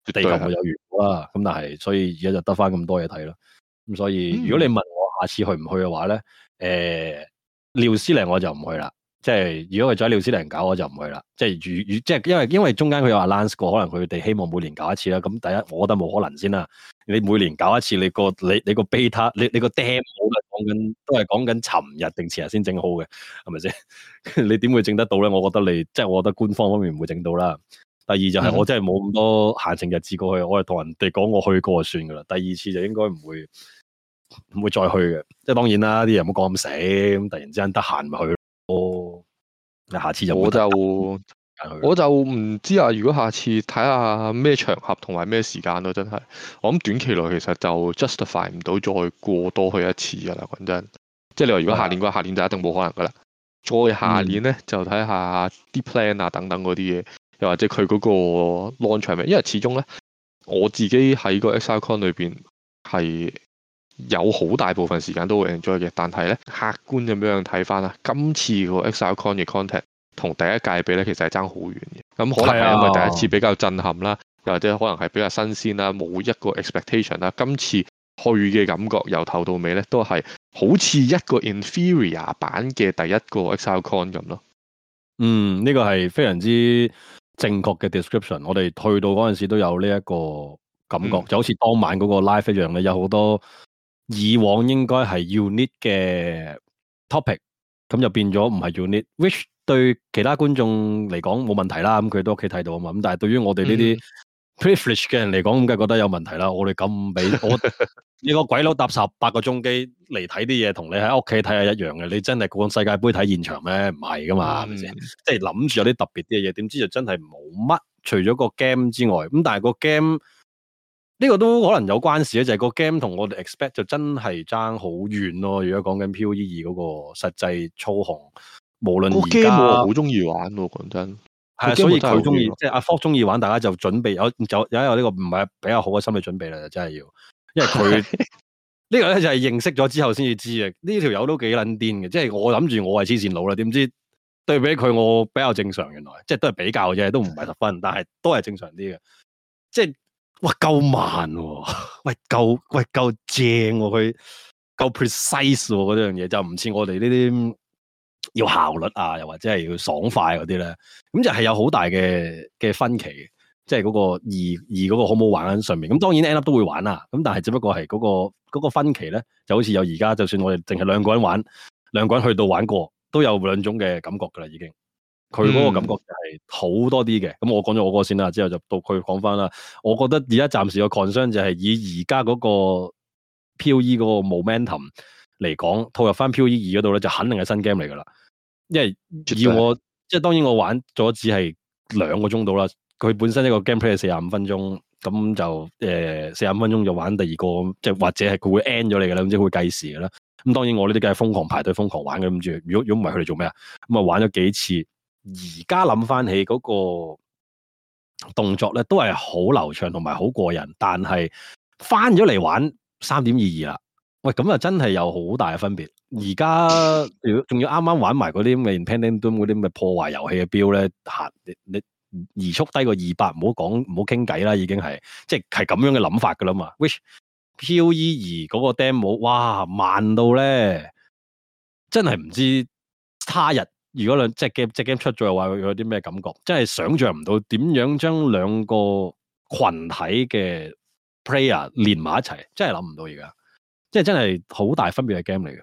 [SPEAKER 2] 地球又有緣故啦。咁對但係所以而家就得翻咁多嘢睇咯。咁所以如果你問我下次去唔去嘅話咧，誒、嗯呃，廖思玲我就唔去啦。即係如果佢再喺廖思玲搞我就唔去啦。即係如即係因為因為中間佢有 announce 過，可能佢哋希望每年搞一次啦。咁第一我覺得冇可能先啦。你每年搞一次，你個你你個 beta，你你 demo 好啦，講緊都係講緊尋日定前日先整好嘅，係咪先？你點 會整得到咧？我覺得你即係、就是、我覺得官方方面唔會整到啦。第二就係、是嗯、我真係冇咁多閒情逸致過去，我係同人哋講我去過就算噶啦。第二次就應該唔會唔會再去嘅，即係當然啦，啲嘢唔好講咁死，咁突然之間得閒咪去
[SPEAKER 1] 咯。下次就答答我就。我就唔知啊，如果下次睇下咩場合同埋咩時間咯、啊，真係我諗短期內其實就 justify 唔到再過多去一次噶啦，講真。即係你話如果下年嘅話，啊、下年就一定冇可能噶啦。再下年咧，嗯、就睇下啲 plan 啊等等嗰啲嘢，又或者佢嗰個 launch 因為始終咧，我自己喺個 ExileCon 裏邊係有好大部分時間都會 enjoy 嘅，但係咧客觀咁樣睇翻啦，今次個 ExileCon 嘅 content。同第一屆比咧，其實係爭好遠嘅。咁可能係因為第一次比較震撼啦，啊、又或者可能係比較新鮮啦，冇一個 expectation 啦。今次去嘅感覺，由頭到尾咧，都係好似一個 inferior 版嘅第一個 ExileCon 咁咯。嗯，呢、
[SPEAKER 2] 這個係非常之正確嘅 description。我哋去到嗰陣時都有呢一個感覺，嗯、就好似當晚嗰個 live 一樣，你有好多以往應該係 unique 嘅 topic，咁就變咗唔係 unique, which 對其他觀眾嚟講冇問題啦，咁佢都屋企睇到啊嘛，咁但係對於我哋呢啲 privilege 嘅人嚟講，咁梗係覺得有問題啦。我哋咁俾，呢 個鬼佬搭十八個鐘機嚟睇啲嘢，同你喺屋企睇係一樣嘅。你真係講世界杯睇現場咩？唔係噶嘛，係咪先？即係諗住有啲特別啲嘅嘢，點知就真係冇乜。除咗個 game 之外，咁但係個 game 呢、這個都可能有關事咧，就係、是、個 game 同我哋 expect 就真係爭好遠咯。如果講緊 POE2 嗰個實際操控。無論而家好中意玩喎、哦，講真係，是真所以佢中意，即係阿福中意玩，大家就準備有有有呢個唔係比較好嘅心理準備啦，就真係要，因為佢呢 個咧就係認識咗之後先至知嘅。呢條友都幾撚癲嘅，即係我諗住我係黐線佬啦，點知對比佢我比較正常，原來即係都係比較啫，都唔係十分， 但係都係正常啲嘅。即係哇夠慢、哦，喂夠喂夠正、哦，佢夠 precise 嗰、哦、樣嘢，就唔似我哋呢啲。要效率啊，又或者係要爽快嗰啲咧，咁就係有好大嘅嘅分歧，即係嗰個二二嗰個好唔好玩喺上面。咁當然 end up 都會玩啊。咁但係只不過係嗰、嗰個、嗰個分歧咧，就好似有而家就算我哋淨係兩個人玩，兩個人去到玩過，都有兩種嘅感覺噶啦，已經。佢嗰個感覺就係好多啲嘅。咁、嗯、我講咗我個先啦，之後就到佢講翻啦。我覺得而家暫時個 consensus 就係以而家嗰個 POE 嗰個 momentum 嚟講，套入翻 POE 二嗰度咧，就肯定係新 game 嚟噶啦。因為以我即係當然我玩咗只係兩個鐘到啦，佢本身一個 game play 係四十五分鐘，咁就誒四十五分鐘就玩第二個，即係或者係佢會 end 咗你噶啦，咁即係會計時噶啦。咁、嗯、當然我呢啲梗係瘋狂排隊瘋狂玩嘅咁住。如果如果唔係佢哋做咩啊？咁啊玩咗幾次，而家諗翻起嗰個動作咧，都係好流暢同埋好過人，但係翻咗嚟玩三點二二啦。喂，咁啊，真係有好大嘅分別。而家要仲要啱啱玩埋嗰啲嘅 Impending Doom》嗰啲咩破壞遊戲嘅標咧，吓你你移速低過二百，唔好講，唔好傾偈啦，已經係即係咁樣嘅諗法噶啦嘛。Which POE2 嗰個 demo，哇，慢到咧，真係唔知他日如果兩隻 game 即 game 出咗嘅話，會有啲咩感覺，真係想象唔到點樣將兩個群體嘅 player
[SPEAKER 1] 連埋一齊，真係諗唔到而家。即係真係好大分別嘅 game 嚟嘅，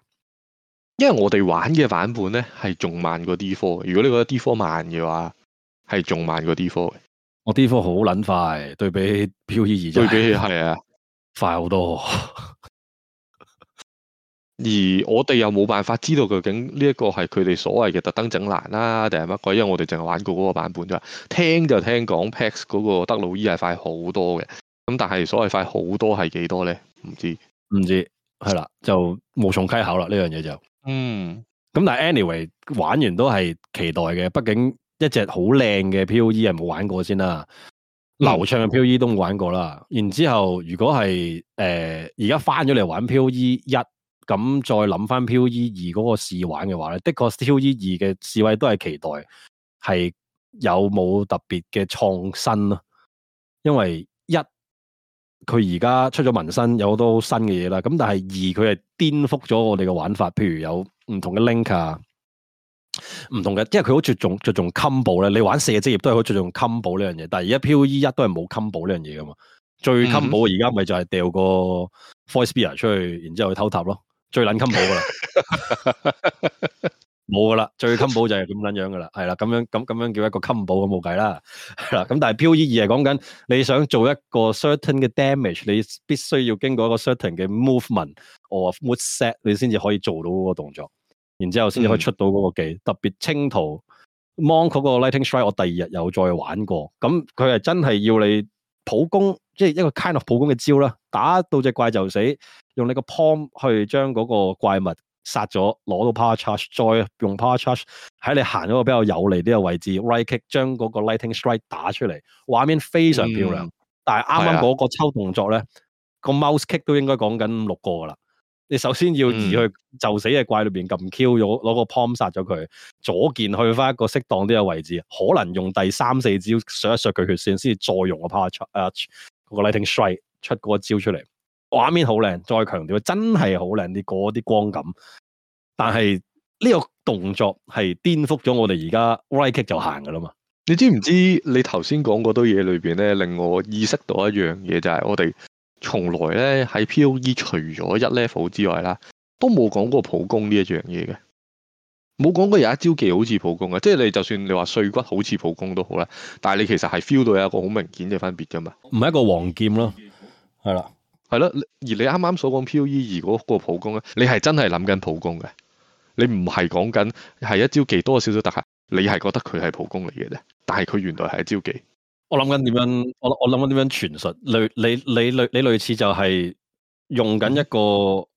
[SPEAKER 1] 因為我哋玩嘅版本咧係仲慢過 D4。如果你覺得 D4 慢嘅話，係仲慢過 D4 嘅。我 D4 好撚快，對比 POE2，對比起係啊，快好很多。 而我哋又冇辦法知道究竟呢一個係佢哋所謂嘅特登整難啦、啊，定係乜鬼？因為我哋淨係玩過嗰個版本啫。聽就聽講 Pax 嗰個德魯伊係快好多嘅，咁但係所謂快好多係幾多咧？唔知，唔知。係啦，就無從稽考啦呢樣嘢，
[SPEAKER 2] 就，嗯，咁但係 anyway 玩完都係期待嘅，畢竟一隻好靚嘅漂 E 係冇玩過先啦，嗯、流暢嘅漂 E 都玩過啦，然之後如果係誒而家翻咗嚟玩漂 E 一，咁再諗翻漂 E 二嗰個試玩嘅話咧，的確 o E 二嘅示威都係期待係有冇特別嘅創新咯，因為。佢而家出咗紋身，有好多很新嘅嘢啦。咁但係二，佢係顛覆咗我哋嘅玩法。譬如有唔同嘅 link 啊，唔同嘅，因為佢好着重着重 combo 你玩四個職業都係好着重 combo 呢樣嘢。但係而家 PoE 一都係冇 combo 呢樣嘢噶嘛。最 combo 而家咪就係掉個 force spear 出去，然之後去偷塔咯。最捻 combo 噶啦。 冇噶啦，最襟保就係咁捻樣噶啦，係啦， 咁樣咁咁樣，樣叫一個襟保，咁冇計啦，係啦、e，咁但係 POE2 係講緊你想做一個 certain 嘅 damage，你必須要經過一個 certain 嘅 movement or mood move set，你先至可以做到嗰個動作，然之後先至可以出到嗰個技。嗯、特別清圖 mon 嗰個 lighting strike，我第二日又再玩過，咁佢係真係要你普攻，即係一個 kind of 普攻嘅招啦，打到隻怪就死，用你個 palm 去將嗰個怪物。殺咗攞到 power charge 再用 power charge 喺你行咗個比較有利啲嘅位置，right kick 將嗰個 lightning strike 打出嚟，畫面非常漂亮。嗯、但係啱啱嗰個抽動作咧，啊、個 mouse kick 都應該講緊六個啦。你首先要移去就死嘅怪裏面，撳 Q 咗，攞個 palm 殺咗佢，左鍵去翻一個適當啲嘅位置，可能用第三四招削一削佢血線，先至再用 power charge, 個 power charge 個 lightning strike 出嗰個招出嚟。畫面好靚，再強調，真係好靚啲嗰啲光感。但係呢個動作係顛覆咗我哋而家 Right
[SPEAKER 1] Click 就行噶啦嘛。你知唔知？你頭先講嗰堆嘢裏邊咧，令我意識到一樣嘢就係我哋從來咧喺 POE 除咗一 level 之外啦，都冇講過普攻呢一樣嘢嘅。冇講過有一招技好似普攻嘅，即係你就算你話碎骨好似普攻都好啦，但係你其實係 feel 到有一個好明顯嘅分別啫嘛。唔
[SPEAKER 2] 係一個黃劍咯，係啦。
[SPEAKER 1] 係咯，而你啱啱所講 POE 二嗰個普攻咧，你係真係諗緊普攻嘅，你唔係講緊係一招技多少少特效，你係覺得佢係普攻嚟嘅啫。但係佢原來係一招技。
[SPEAKER 2] 我諗緊點樣？我我諗緊點樣傳述？類你你類你,你類似就係用緊一個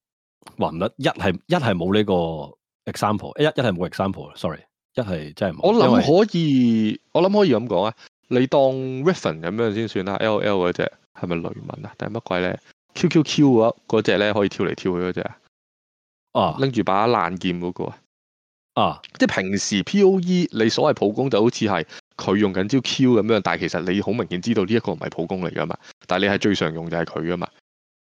[SPEAKER 2] 韻律，一係一係冇呢個 example，一一係冇 example。sorry，一係真係冇我諗
[SPEAKER 1] 可以，為我諗可以咁講啊。你當 Riven 咁樣先算啦。L.O.L 嗰隻係咪雷文啊？定乜鬼咧？Q Q Q 嗰嗰隻咧，可以跳嚟跳去嗰隻、那個、啊！拎住把爛劍嗰個啊！即係平時 P O E 你所謂普攻就好似係佢用緊招 Q 咁樣，但係其實你好明顯知道呢一個唔係普攻嚟噶嘛，但係你係最常用就係佢噶嘛。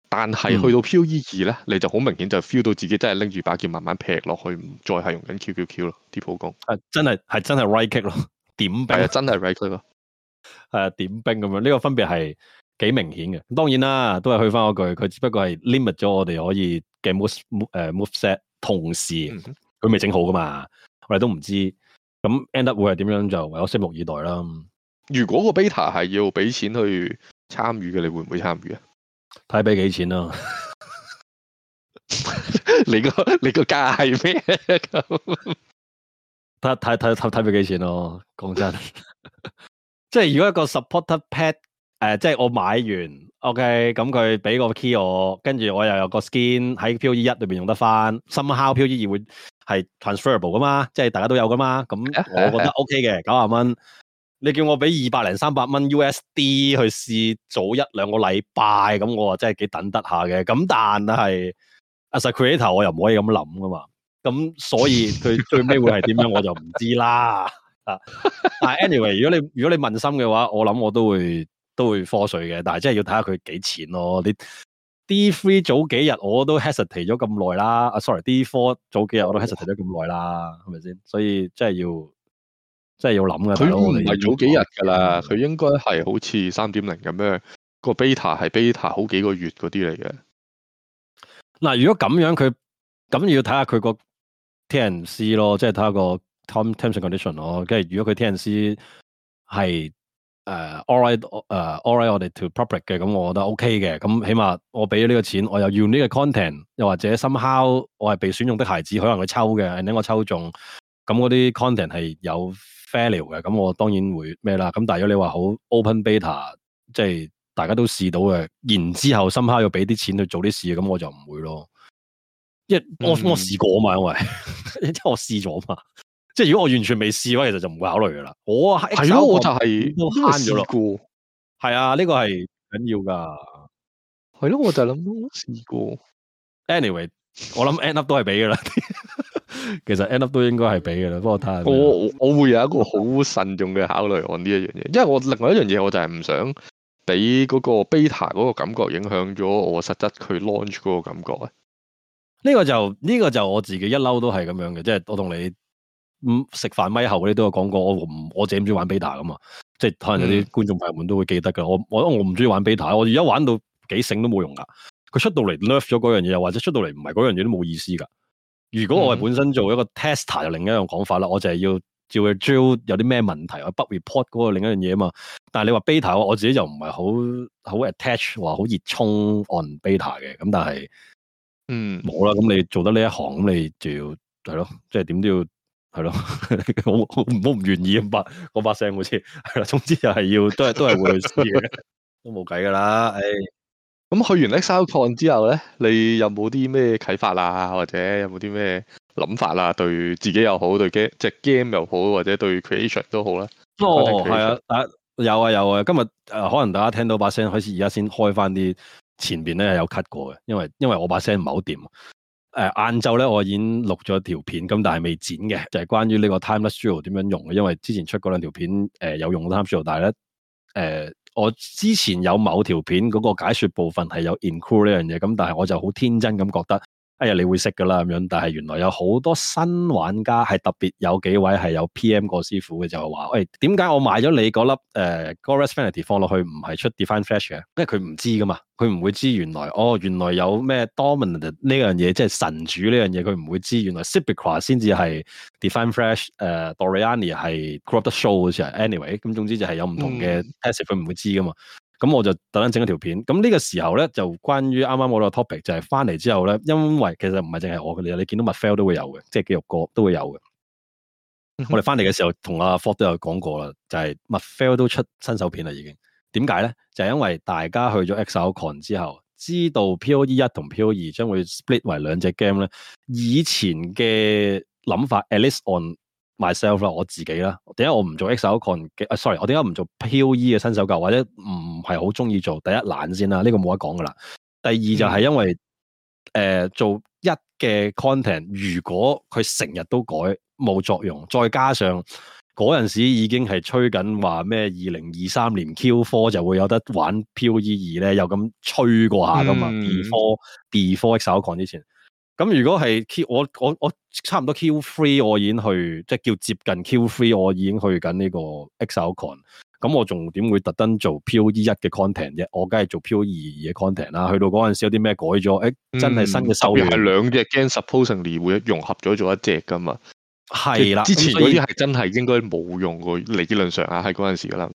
[SPEAKER 1] 但係去到 P O E 二咧，你就好明顯就 feel 到自己真係拎住把劍慢慢劈落去，唔再係用緊 Q Q Q 咯，啲普攻係
[SPEAKER 2] 真係係真係 right click 咯，點兵真係 right click 咯，係點兵咁樣呢、呢個分別係。幾明顯嘅，當然啦，都係去翻嗰句，佢只不過係 limit 咗我哋可以嘅 move 誒 move set，同時佢未整好噶嘛，我哋都唔知，咁 end up 會係點樣就唯有拭目以待啦。
[SPEAKER 1] 如果個 beta 係要俾錢去參與嘅，你會唔會參與啊？睇俾幾錢咯，你個你個價係咩？
[SPEAKER 2] 睇睇睇睇睇俾幾錢咯、啊？講真， 即係如果一個 supporter pack。誒、呃，即係我買完，OK，咁佢俾個 key 我，跟住我又有個 skin 喺 POE 一裏邊用得翻，somehow POE 二會係 transferable 噶嘛，即係大家都有噶嘛，咁我覺得 OK 嘅，九十蚊，你叫我俾二百零三百蚊 USD 去試早一兩個禮拜，咁我話真係幾等得下嘅，咁但係 as a creator 我又唔可以咁諗噶嘛，咁所以佢最尾會係點樣 我就唔知啦。但 anyway，如果你如果你問心嘅話，我諗我都會。都會科稅嘅，但係真係要睇下佢幾錢咯。你 D three 早幾日我都 hesitate 咗咁耐啦。啊，sorry，D four 早幾日我都 hesitate 咗咁耐啦，係咪先？
[SPEAKER 1] 所以真係要真係、即係、要諗嘅。佢唔係早幾日噶啦，佢、嗯、應該係好似三點零咁樣、個 beta 係 beta 好幾個月嗰啲嚟嘅。
[SPEAKER 2] 嗱，如果咁樣，佢
[SPEAKER 1] 咁要睇下佢個
[SPEAKER 2] T N C 咯，即係睇下個 time tension condition 咯。即係如果佢 T N C 係。誒、uh,，all right，誒、uh,，all right，我哋 to project 嘅，咁我覺得 OK 嘅，咁起碼我俾咗呢個錢，我又要呢個 content，又或者 somehow 我係被選用的孩子，可能佢抽嘅，等我抽中，咁嗰啲 content 係有 fail 嘅，咁我當然會咩啦，咁但係如果你話好 open beta，即係大家都試到嘅，然之後 somehow 要俾啲錢去做啲事，咁我就唔會咯，因為我我試過啊嘛，因為即係我試咗嘛。即係如果我完全未試過，其實就唔會考慮噶啦。哦、的我係係咯，我就係都慳咗咯。係啊，呢個係緊要噶。係咯，
[SPEAKER 1] 我就係諗試過。
[SPEAKER 2] anyway，我諗 end up 都係俾噶啦。 其實 end up 都應該係俾噶啦。不過睇，我看看我，
[SPEAKER 1] 我，我會有一個好慎重嘅考慮按呢一樣嘢，因為我另外一樣嘢，我就係唔想俾嗰個 beta 嗰個感覺影響咗我實質去 launch 嗰個感覺啊。呢個就呢、這個就我自己一向都係咁
[SPEAKER 2] 樣嘅，即係我同你。嗯，食飯咪後嗰啲都有講過，我唔，我自己唔中意玩 beta 噶嘛，即係可能有啲觀眾朋友們都會記得噶、嗯。我我，因為我唔中意玩 beta，我而家玩到幾醒都冇用噶。佢出到嚟 nerf 咗嗰樣嘢，或者出到嚟唔係嗰樣嘢都冇意思噶。如果我係本身做一個 tester，就另一樣講法啦。嗯、我就係要照個 j a 有啲咩問題，我不 report 嗰個另一樣嘢啊嘛。但係你話 beta，我自己又唔係好好 attach 話好熱衷 on beta 嘅。咁但係，嗯，冇啦。咁你做得呢一行，咁你就要係咯，即係點都要。係咯是， 我我唔好唔願意，把我把聲好似，總之就係要都係都係會嘅，
[SPEAKER 1] 都冇計噶啦。唉，咁、 哎、去完 ExileCon 之後咧，你有冇啲咩啟發啊？或者有冇啲咩諗法啊？對自己又好，對 game 即係 game 又好，或者對 creation 都好咧。哦，係、哦、啊，大家
[SPEAKER 2] 有啊有啊。今日誒、啊，可能大家聽到把聲，開始，而家先開翻啲前面咧有 cut 過嘅，因為因為我把聲唔係好掂。誒，晏晝咧，我已經錄咗條片，咁但係未剪嘅，就係、是、關於呢個 Timeless Studio 點樣用嘅，因為之前出過兩條片，誒、呃、有用 Timeless Studio 但係咧，誒、呃、我之前有某條片嗰個解說部分係有 include 呢樣嘢，咁但係我就好天真咁覺得。哎呀，你會識噶啦咁樣，但係原來有好多新玩家係特別有幾位係有 PM 個師傅嘅，就係、是、話，喂、哎，點解我買咗你嗰粒 Glorious Vanity 放落去唔係出 Divine Flesh 嘅？因為佢唔知噶嘛，佢唔會知道原來哦，原來有咩 Dominant 呢樣嘢，即係神主呢樣嘢，佢唔會知道原來 Xibaqua 先至係 Divine Flesh，Doryani 係 Corrupted Soul 嘅時候，anyway，咁總之就係有唔同嘅 passive，佢唔會知噶嘛。咁我就特登整一條片。咁呢個時候咧，就關於啱啱我嗰個 topic，就係翻嚟之後咧，因為其實唔係淨係我嘅，你見到 Mathil 都會有嘅，即係肌肉哥都會有嘅。 我哋翻嚟嘅時候，同阿 Ford 都有講過啦，就係 Mathil 都出新手片啦，已經點解咧？就係、是、因為大家去咗 ExileCon 之後，知道 Poe 一同 Poe 二將會 split 為兩隻 game 咧，以前嘅諗法 at least on。myself 啦，Mys elf, 我自己啦。點解我唔做 X o 手控？啊，sorry，我點解唔做 p 漂 e 嘅新手教，或者唔係好中意做第一難先啦？呢、這個冇得講噶啦。第二就係因為誒、嗯呃、做一嘅 content，如果佢成日都改冇作用，再加上嗰陣時候已經係吹緊話咩？二零二三年 Q 科就會有得玩 p 漂 e 二咧，又咁吹過下噶嘛？二科、嗯、B 科 X、L、Con 之前。咁如果係 Q，我我我差唔多 Q three 我已經去，即係叫接近 Q three 我已經去緊呢個 ExileCon，咁我仲點會特登做 P O E 一一嘅 content 啫？我梗係做 P O E 二二嘅 content 啦。去到嗰陣時有啲咩改咗？誒，真係新嘅手邊係
[SPEAKER 1] 兩隻 game supposedly 會融合咗做一隻噶嘛？
[SPEAKER 2] 係啦的，之前嗰啲係
[SPEAKER 1] 真係應該冇用過，理論上啊，喺嗰陣時
[SPEAKER 2] 啦。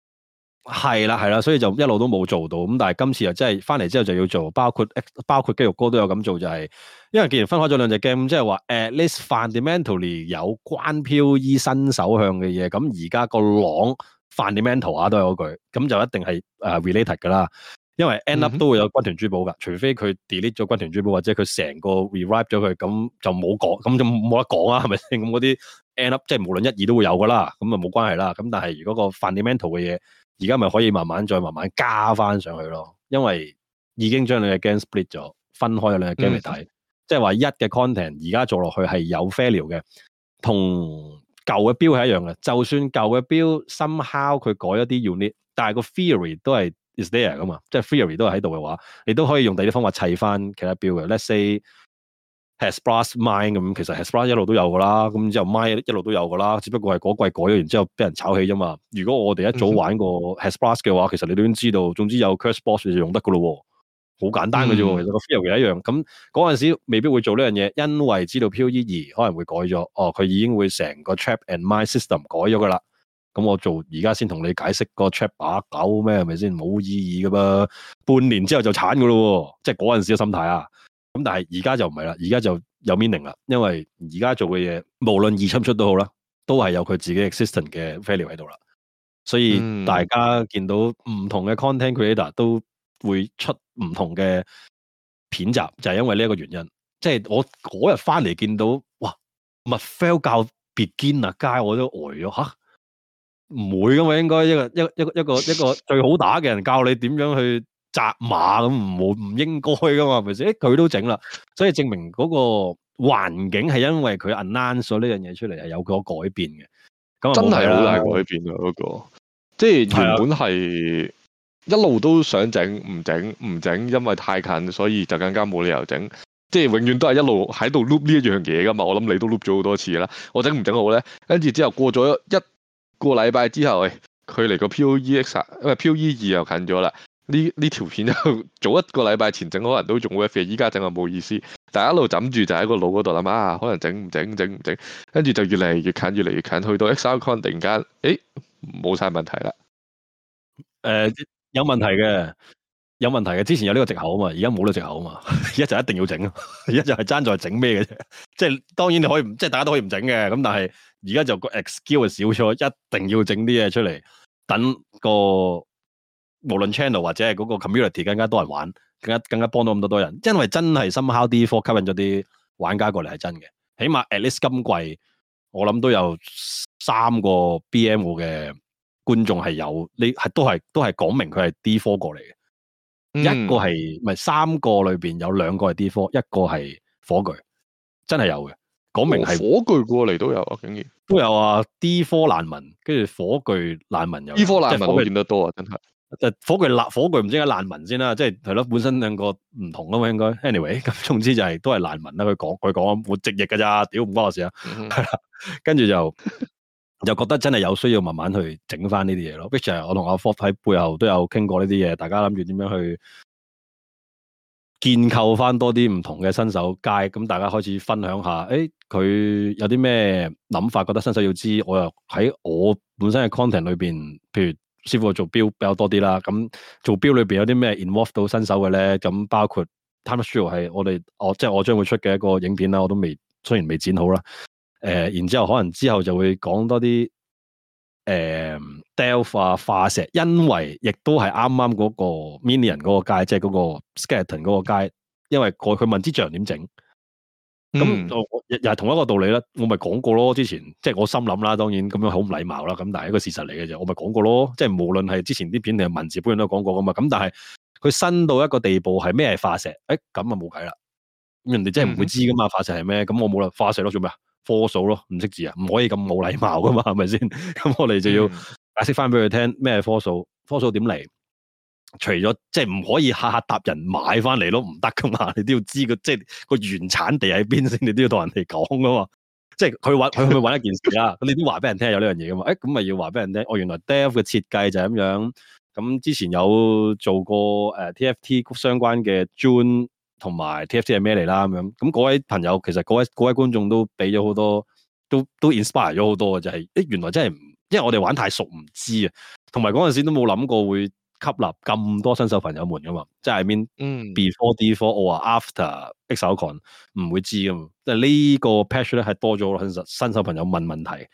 [SPEAKER 2] 係啦，係啦，所以就一路都冇做到咁，但係今次又真係翻嚟之後就要做，包括包括肌肉哥都有咁做，就係，就係因為既然分開咗兩隻 game，即係話 at least fundamentally 有關 PoE 新手向嘅嘢，咁而家個朗、mm hmm. fundamental 啊都係嗰句，咁就一定係 related 㗎啦，因為 end up 都會有軍團珠寶㗎，除非佢 delete 咗軍團珠寶或者佢成個 rewrite 咗佢，咁就冇講，咁就冇得講啊，係咪先？咁嗰啲 end up 即係無論一二都會有㗎啦，咁啊冇關係啦，咁但係如果個 fundamental 嘅嘢，而家咪可以慢慢再慢慢加翻上去咯，因為已經將你嘅 game split 咗，分開兩個 game 嚟睇，嗯、即係話一嘅 content 而家做落去係有 failure 嘅，同舊嘅標係一樣嘅。就算舊嘅標、er、somehow 佢改一啲 unit，但係個 theory 都係 is there 噶嘛，即係 theory 都係喺度嘅話，你都可以用第二啲方法砌翻其他標嘅。Let's say Hexblast mine 咁，其實 Hexblast 一路都有噶啦，咁之後 mine 一路都有噶啦，只不過係嗰季改咗，然之後俾人炒起啫嘛。如果我哋一早玩過 Hexblast 嘅話，嗯、其實你都已經知道，總之有 Curse Boss 你就用得噶咯，好簡單噶啫。嗯、其實個 feel 其實一樣。咁嗰陣時未必會做呢樣嘢，因為知道 POE 二可能會改咗，哦，佢已經會成個 trap and mine system 改咗噶啦。咁我做而家先同你解釋個 trap 把、啊、搞咩係咪先？冇意義噶噃，半年之後就鏟噶咯，即係嗰陣時嘅心態啊。咁但係而家就唔係啦，而家就有 meaning 啦，因為而家做嘅嘢無論二出唔出都好啦，都係有佢自己 existing 嘅 value 喺度啦，所以大家見到唔同嘅 content creator 都會出唔同嘅片集，就係因為呢一個原因。即係我嗰日翻嚟見到，哇，麥 fail 教 beginner 啊！街我都呆咗吓，唔會㗎嘛？應該一個一一個一個一個最好打嘅人教你點樣去。扎馬咁唔冇唔應該噶嘛？誒佢、欸、都整啦，所以證明嗰個環境係因為佢 announce 咗呢樣嘢出嚟係有個改變嘅，咁真係好大改
[SPEAKER 1] 變啊！嗰、那個以即係原本係一路都想整，唔整唔整，因為太近，所以就更加冇理由整。即係永遠都係一路喺度碌呢一樣嘢噶嘛。我諗你都碌咗好多次啦。我整唔整好咧？跟住之後過咗一個禮拜之後，佢、欸、離個 POEX 因為 POE 二又近咗啦。呢呢條片又早一個禮拜前整，可能都仲 work，依家整又冇意思。但係一路枕住就喺個腦嗰度諗啊，可能整唔整，整唔整，跟住就越嚟越近，越嚟越近，去到 ExileCon 突然間，誒冇晒問題啦。
[SPEAKER 2] 誒有問題嘅，有問題嘅。之前有呢個藉口啊嘛，而家冇呢個藉口啊嘛，一就一定要整咯，一就係爭在整咩嘅啫。即係當然你可以，即係大家都可以唔整嘅。咁但係而家就個 XQ 係少咗，一定要整啲嘢出嚟，等個，無論 channel 或者係嗰個 community 更加多人玩，更加更加幫到咁多多人，因為真係 somehow D4 吸引咗啲玩家過嚟係真嘅。起碼 at least 今季我諗都有三個 BM 我嘅觀眾係有，呢係都係都係講明佢係 D4 過嚟嘅。嗯、一個係咪三個裏邊有兩個係 D4，一個係火炬，
[SPEAKER 1] 真係有嘅。講明係、哦、火炬過嚟都有、啊，竟然
[SPEAKER 2] 都有啊！D4 難民跟住火炬難民有，D4 難民我看得多啊，真係。火炬火炬唔知點解爛文先啦，即係係咯，本身兩個唔同啊嘛，應該 anyway，咁總之就係、是、都係爛文啦。佢講佢講我直譯噶咋，屌唔關我事啊。係啦、嗯，跟住就 就覺得真係有需要慢慢去整翻呢啲嘢咯。which 我同阿 Fort 喺背後都有傾過呢啲嘢，大家諗住點樣去建構翻多啲唔同嘅新手街，咁大家開始分享下，誒、欸，佢有啲咩諗法？覺得新手要知，我又喺我本身嘅 content 裏邊，譬如。師傅做標比較多啲啦，咁做標裏邊有啲咩 involve 到新手嘅咧？咁包括 time Show e 係我哋，我即係我將會出嘅一個影片啦，我都未雖然未剪好啦。誒、呃，然之後可能之後就會講多啲誒 Delta 化石，因為亦都係啱啱嗰個 Minion 嗰個界，即係嗰個 Skeleton 嗰個界，因為個佢問支杖點整。咁、嗯、又係係同一個道理啦，我咪講過咯，之前即係我心諗啦，當然咁樣好唔禮貌啦，咁但係一個事實嚟嘅啫，我咪講過咯，即係無論係之前啲片定係文字本，本人都講過噶嘛，咁但係佢新到一個地步係咩係化石？誒，咁啊冇計啦，咁人哋真係唔會知噶嘛，化石係咩？咁我冇論化石咯，做咩啊？科數咯，唔識字啊，唔可以咁冇禮貌噶嘛，係咪先？咁 我哋就要解釋翻俾佢聽咩係科數，科數點嚟？除咗即係唔可以下下搭人買翻嚟咯，唔得噶嘛！你都要知個即係個原產地喺邊先，你都要同人哋講噶嘛。即係佢搵佢去搵一件事啦、啊，咁 你都話俾人聽有呢樣嘢噶嘛？誒、欸，咁咪要話俾人聽，哦，原來 Dev 嘅設計就係咁樣。咁、嗯、之前有做過誒、呃、TFT 相關嘅 June 同埋 TFT 係咩嚟啦？咁樣咁位朋友，其實各位各位觀眾都俾咗好多，都都 inspire 咗好多嘅，就係、是、誒、欸、原來真係唔，因為我哋玩太熟唔知啊，同埋嗰陣時都冇諗過會。吸納咁多新手朋友們噶嘛，即係 I mean，before、嗯、啲科，or after ExileCon 唔會知噶嘛，即係呢個 patch 咧係多咗咯。新手朋友問問題，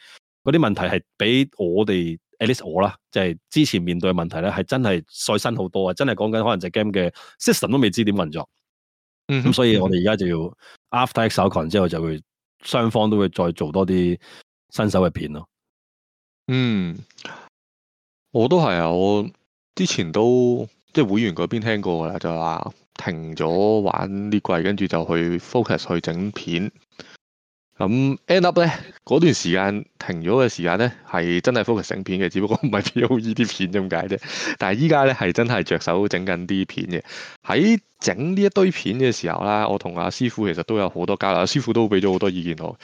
[SPEAKER 2] 嗰啲問題係比我哋，at least 我啦，即、就、係、是、之前面對嘅問題咧係真係再新好多啊！真係講緊可能隻 game 嘅 system 都未知點運作。咁、嗯嗯嗯、所以我哋而家就要 after ExileCon 之後就會雙方都會再做多啲新手嘅片咯。嗯，
[SPEAKER 1] 我都係啊，我。之前都即係會員嗰邊聽過噶啦，就話停咗玩呢季，跟住就去 focus 去整片。咁 end up 咧，嗰段時間停咗嘅時間咧，係真係 focus 整片嘅，只不過唔係 POE 啲片咁解啫。但係依家咧係真係着手整緊啲片嘅。喺整呢一堆片嘅時候啦，我同阿師傅其實都有好多交流，師傅都俾咗好多意見我。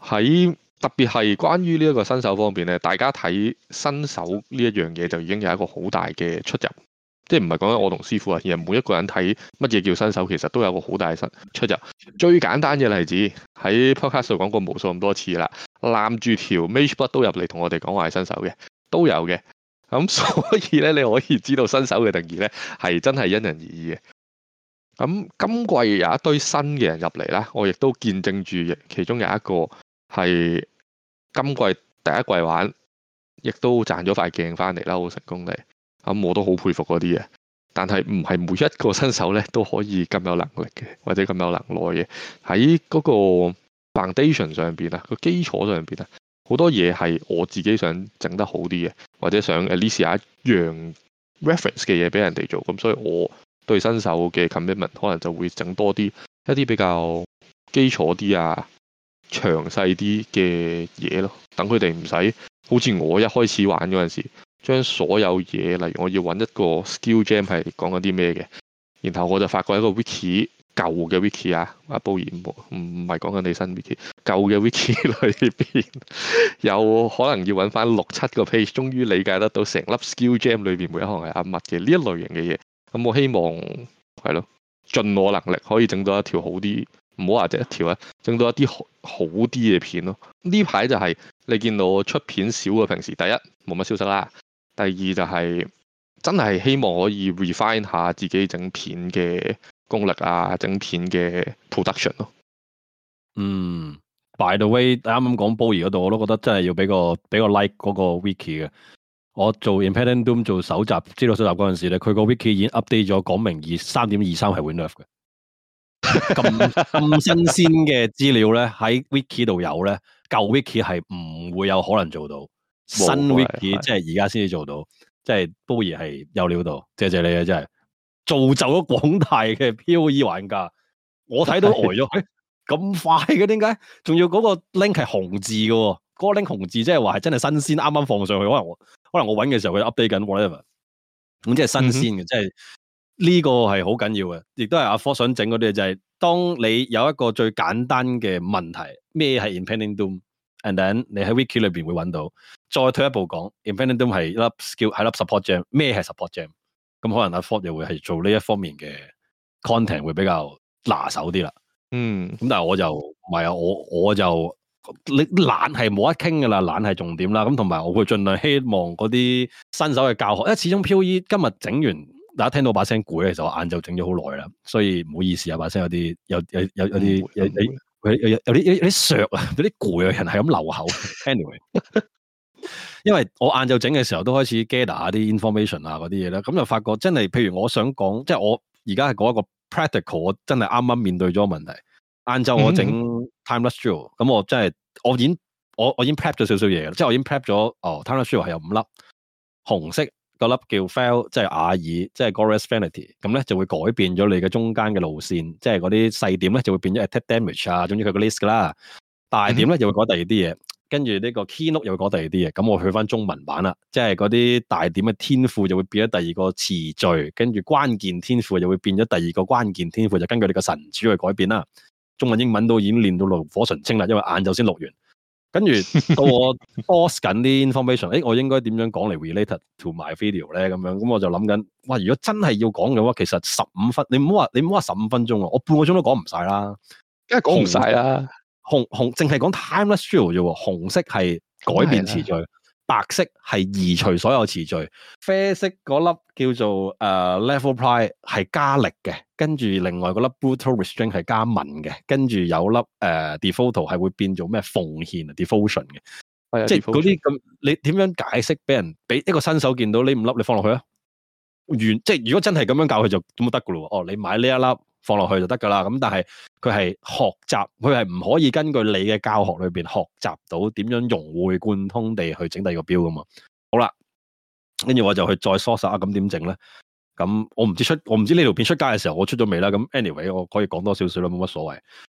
[SPEAKER 1] 喺特別係關於呢一個新手方面咧，大家睇新手呢一樣嘢就已經有一個好大嘅出入，即係唔係講緊我同師傅啊，而係每一個人睇乜嘢叫新手，其實都有一個好大嘅出入。最簡單嘅例子喺 Podcast 度講過無數咁多次啦，攬住條 Mageblood 都入嚟同我哋講話係新手嘅都有嘅，咁、嗯、所以咧你可以知道新手嘅定義咧係真係因人而異嘅。咁、嗯、今季有一堆新嘅人入嚟啦，我亦都見證住其中有一個係。今季第一季玩，亦都賺咗塊鏡翻嚟啦，好成功嘅。咁、嗯、我都好佩服嗰啲嘢，但係唔係每一個新手咧都可以咁有能力嘅，或者咁有能耐嘅喺嗰個 foundation 上邊啊，個基礎上邊啊，好多嘢係我自己想整得好啲嘅，或者想 list 下一樣 reference 嘅嘢俾人哋做。咁所以我對新手嘅 commitment 可能就會整多啲一啲比較基礎啲啊。詳細啲嘅嘢咯，等佢哋唔使好似我一開始玩嗰陣時候，將所有嘢，例如我要揾一個 skill gem 係講緊啲咩嘅，然後我就發覺一個 wiki 舊嘅 wiki 啊，阿布唔唔係講緊你新 wiki，舊嘅 wiki 裏 邊有可能要揾翻六七個 page，終於理解得到成粒 skill gem 裏邊每一行係噏乜嘅呢一類型嘅嘢。咁我希望係咯，盡我能力可以整到一條好啲。唔好話只一條啊，整到一啲好好啲嘅片咯。呢排就係你見到出片少嘅，平時第一冇乜消息啦，第二就係、是、真係希望可以 refine 下自己整片嘅功力啊，整片嘅 production 咯。嗯，by the way，啱
[SPEAKER 2] 啱講 Boi 嗰度，我都覺得真係要俾個俾個 like 嗰個 wiki 嘅。我做 Impending Doom 做搜集，知道搜集嗰陣時咧，佢個 wiki 已經 update 咗，講明二三點二三係會 nerf 嘅。咁咁 新鮮嘅資料咧，喺 Wiki 度有咧，舊 Wiki 係唔會有可能做到，哇新 Wiki 即係而家先至做到，即係 b o e 係有料到，謝謝你啊，真係造就咗廣大嘅 POE 玩家，我睇到呆咗，咁是、欸、快嘅點解？仲要嗰個 link 係紅字嘅、哦，嗰、那個 link 紅字即係話係真係新鮮，啱啱放上去，可能我可能我揾嘅時候佢 update 緊 whatever，咁即係新鮮嘅，嗯、哼即係。呢個係好緊要嘅，亦都係阿科想整嗰啲嘢就係、是，當你有一個最簡單嘅問題，咩係 impending doom？And then 你喺 wiki 裏邊會揾到。再退一步講 impending doom 係一粒 skill，係一粒 support gem。咩係 support gem？咁可能阿科又會係做呢一方面嘅 content 會比較拿手啲啦。嗯。咁但係我就唔係啊，我我就你懶係冇得傾㗎啦，懶係重點啦。咁同埋我會盡量希望嗰啲新手嘅教學，因為始終 POE 今日整完。大家聽到把聲攰啊，其實我晏晝整咗好耐啦，所以唔好意思啊，把聲有啲有有有有啲有啲有有有啲有啲削啊，有啲攰嘅人係咁流口。Anyway， 因為我晏晝整嘅時候都開始 gather 啲 information 啊嗰啲嘢咧，咁就發覺真係譬如我想講，即係我而家係講一個 practical，我真係啱啱面對咗個問題。晏晝我整 timeless jewel 咁、嗯、我真係我已經我我已經 prep 咗少少嘢啦，即係我已經 prep 咗哦，timeless jewel 係有五粒紅色。個粒叫 fail，即係瓦爾，即係 Glorious Vanity，咁咧就會改變咗你嘅中間嘅路線，即係嗰啲細點咧就會變咗 attack damage 啊，總之佢個 list 㗎啦。大點咧就會改第二啲嘢，跟住呢個 key note 又會改第二啲嘢。咁我去翻中文版啦，即係嗰啲大點嘅天賦就會變咗第二個詞綴，跟住關鍵天賦就會變咗第二個關鍵天賦，就根據你嘅神主去改變啦。中文英文都已經練到爐火純青啦，因為晏晝先錄完。跟住到我 force 緊啲 information， 誒，我應該點樣講嚟 related to my video 咧？咁樣，咁、嗯、我就諗緊，哇！如果真係要講嘅話其實十五分，你唔好話，你唔好話十五分鐘啊，我半個鐘都講唔晒啦，梗係講唔晒啦，紅紅淨係講 timeless sill 啫，紅色係改變詞序。白色係移除所有詞序，啡色嗰粒叫做、呃、Lethal Pride 係加力嘅，跟住另外嗰粒 Brutal Restraint 係加文嘅，跟住有粒、呃、default 係會變做咩奉獻啊 Devotion 嘅，即係嗰啲，咁你點樣解釋俾人俾一個新手見到呢五粒你放落去啊？即係如果真係咁樣教佢，就咁得噶喇喎，哦，你買呢一粒放落去就得噶啦，咁但係佢係學習，佢係唔可以根據你嘅教學裏邊學習到點樣融會貫通地去整第二個標噶嘛。好啦，跟住我就去再梳手啊，咁點整咧？咁我唔知出，我唔知呢條片出街嘅時候我出咗未啦。咁 anyway 我可以講多少少啦，冇乜所謂。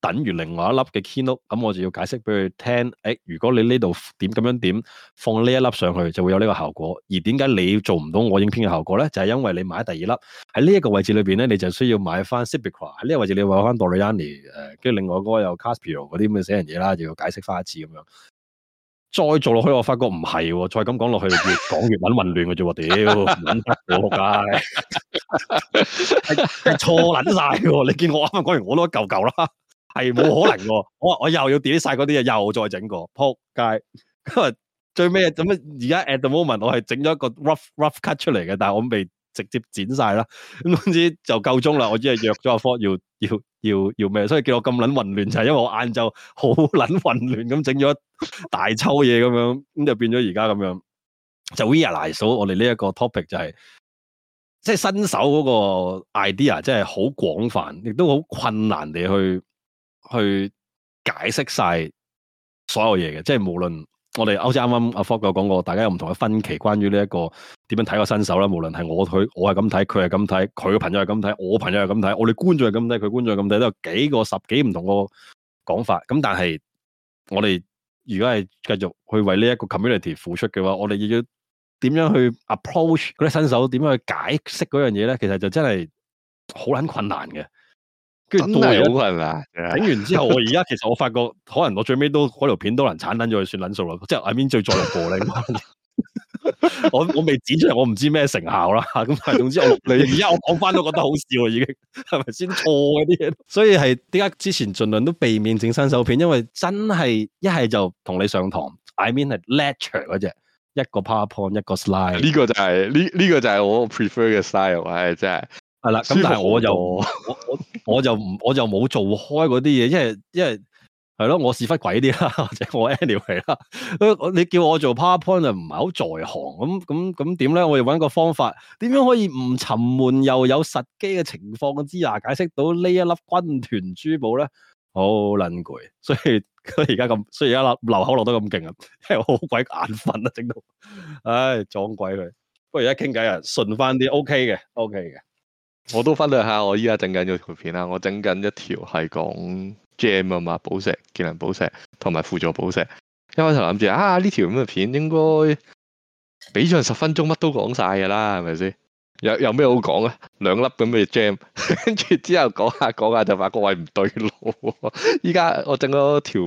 [SPEAKER 2] 等於另外一粒嘅 Keynote，咁我就要解釋俾佢聽。誒、欸，如果你呢度點咁樣點放呢一粒上去，就會有呢個效果。而點解你做唔到我影片嘅效果咧？就係、是、因為你買第二粒喺呢一個位置裏邊咧，你就需要買翻 Sibecqua 喺呢個位置你話翻、呃，你要買翻 Doryani 誒，跟住另外嗰個有 Casper 嗰啲咁嘅死人嘢啦，就要解釋翻一次咁樣。再做落去，我發覺唔係喎，再咁 講落去越講越揾混亂嘅啫喎，屌我仆街，錯撚晒，你見我啱啱講完我都一嚿嚿啦。係冇可能喎。我 我又要 delete 晒嗰啲嘢，又再整個，扑街。咁 啊，最尾咁而家 at the moment 我係整咗一個 rough rough cut 出嚟嘅，但係我未直接剪晒啦。總之 就夠鐘啦，我只係約咗阿 Ford 要要要要咩，所以叫我咁撚混亂就係因為我晏晝好撚混亂咁整咗大抽嘢咁樣，咁就變咗而家咁樣。就 really so，我哋呢一個 topic 就係即係新手嗰個 idea，真係好廣泛，亦都好困難地去。去解釋晒所有嘢嘅，即係無論我哋歐姐啱啱阿 Frog 有講過，大家有唔同嘅分歧關於、這個、呢一個點樣睇個新手啦。無論係我佢，我係咁睇，佢係咁睇，佢嘅朋友係咁睇，我朋友係咁睇，我哋觀眾係咁睇，佢觀眾係咁睇，都有幾個十幾唔同個講法。咁但係我哋如果係繼續去為呢一個 community 付出嘅話，我哋要點樣去 approach 嗰啲新手，點樣去解釋嗰樣嘢咧？其實就真係好撚困難嘅。跟住剪完之後，我而家其實我發覺，可能我最尾都嗰 條片都能產捻咗，算捻數啦。即係 I mean 最再入貨咧，我未我未剪出嚟，我唔知咩成效啦。咁但係總之我你而家我講翻都覺得好笑已經，係咪先錯嘅啲嘢？ 所以係點解之前盡量都避免整新手片？因為真係一係就同你上堂 ，I mean 係 lecture 嗰隻，一個 PowerPoint 一個 slide，呢
[SPEAKER 1] 個就係呢呢個就係我 prefer 嘅 style，唉，真係。係啦，咁但係我就
[SPEAKER 2] 我，我就唔我就冇做開嗰啲嘢，因為因為係咯，我屎忽鬼啲啦，或者我 anyway 啦，你叫我做 PowerPoint 就唔係好在行，咁咁咁點咧？我要揾個方法，點樣可以唔沉悶又有實機嘅情況之下解釋到一呢一粒軍團珠寶咧？好撚攰，所以佢而家咁，所以而家粒流口流得咁勁啊，因為好鬼眼瞓啊，整到，唉，撞鬼佢，不如而家傾偈啊，順翻啲，OK 嘅，OK 嘅。
[SPEAKER 1] 我都分享下，我依家整緊個條片啊！我整緊一條係講 gem 啊嘛，寶石、技能寶石同埋輔助寶石。一開頭諗住啊，呢條咁嘅片應該俾盡十分鐘，乜都講晒㗎啦，係咪先？有有咩好講啊？兩粒咁嘅 gem，跟住之後講下講下就發覺位唔對路。依家我整咗條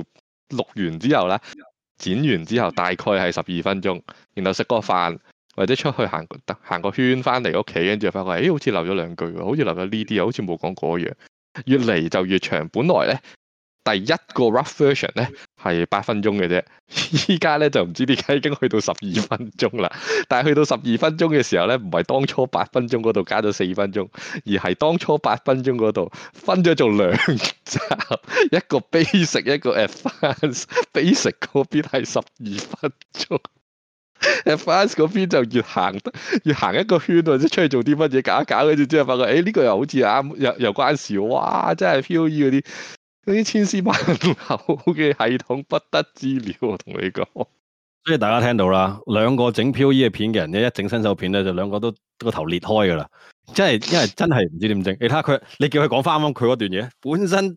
[SPEAKER 1] 錄完之後啦，剪完之後大概係十二分鐘，然後食嗰個飯。或者出去行個行個圈翻嚟屋企，跟住發覺，咦、欸？好似漏咗兩句喎，好似漏咗呢啲，好似冇講嗰樣。越嚟就越長。本來咧，第一個 rough version 咧係八分鐘嘅啫，依家咧就唔知點解已經去到十二分鐘啦。但係去到十二分鐘嘅時候咧，唔係當初八分鐘嗰度加咗四分鐘，而係當初八分鐘嗰度分咗做兩集，一個 basic，一個 advanced。basic 嗰邊係十二分鐘。a s a n 嗰邊就越行得越行一個圈，或者出去做啲乜嘢搞一搞，跟住之後發覺，誒、欸、呢、這個又好似啱，又又關事，哇真係 PoE 嗰啲嗰啲千絲萬縷嘅系統不得之了，同你講，
[SPEAKER 2] 即係大家聽到啦，兩個整 PoE 嘅片嘅人咧，一整新手片咧就兩個都個頭裂開噶啦，真係因為真係唔知點整，你睇下佢，你叫佢講翻啱佢嗰段嘢，本身。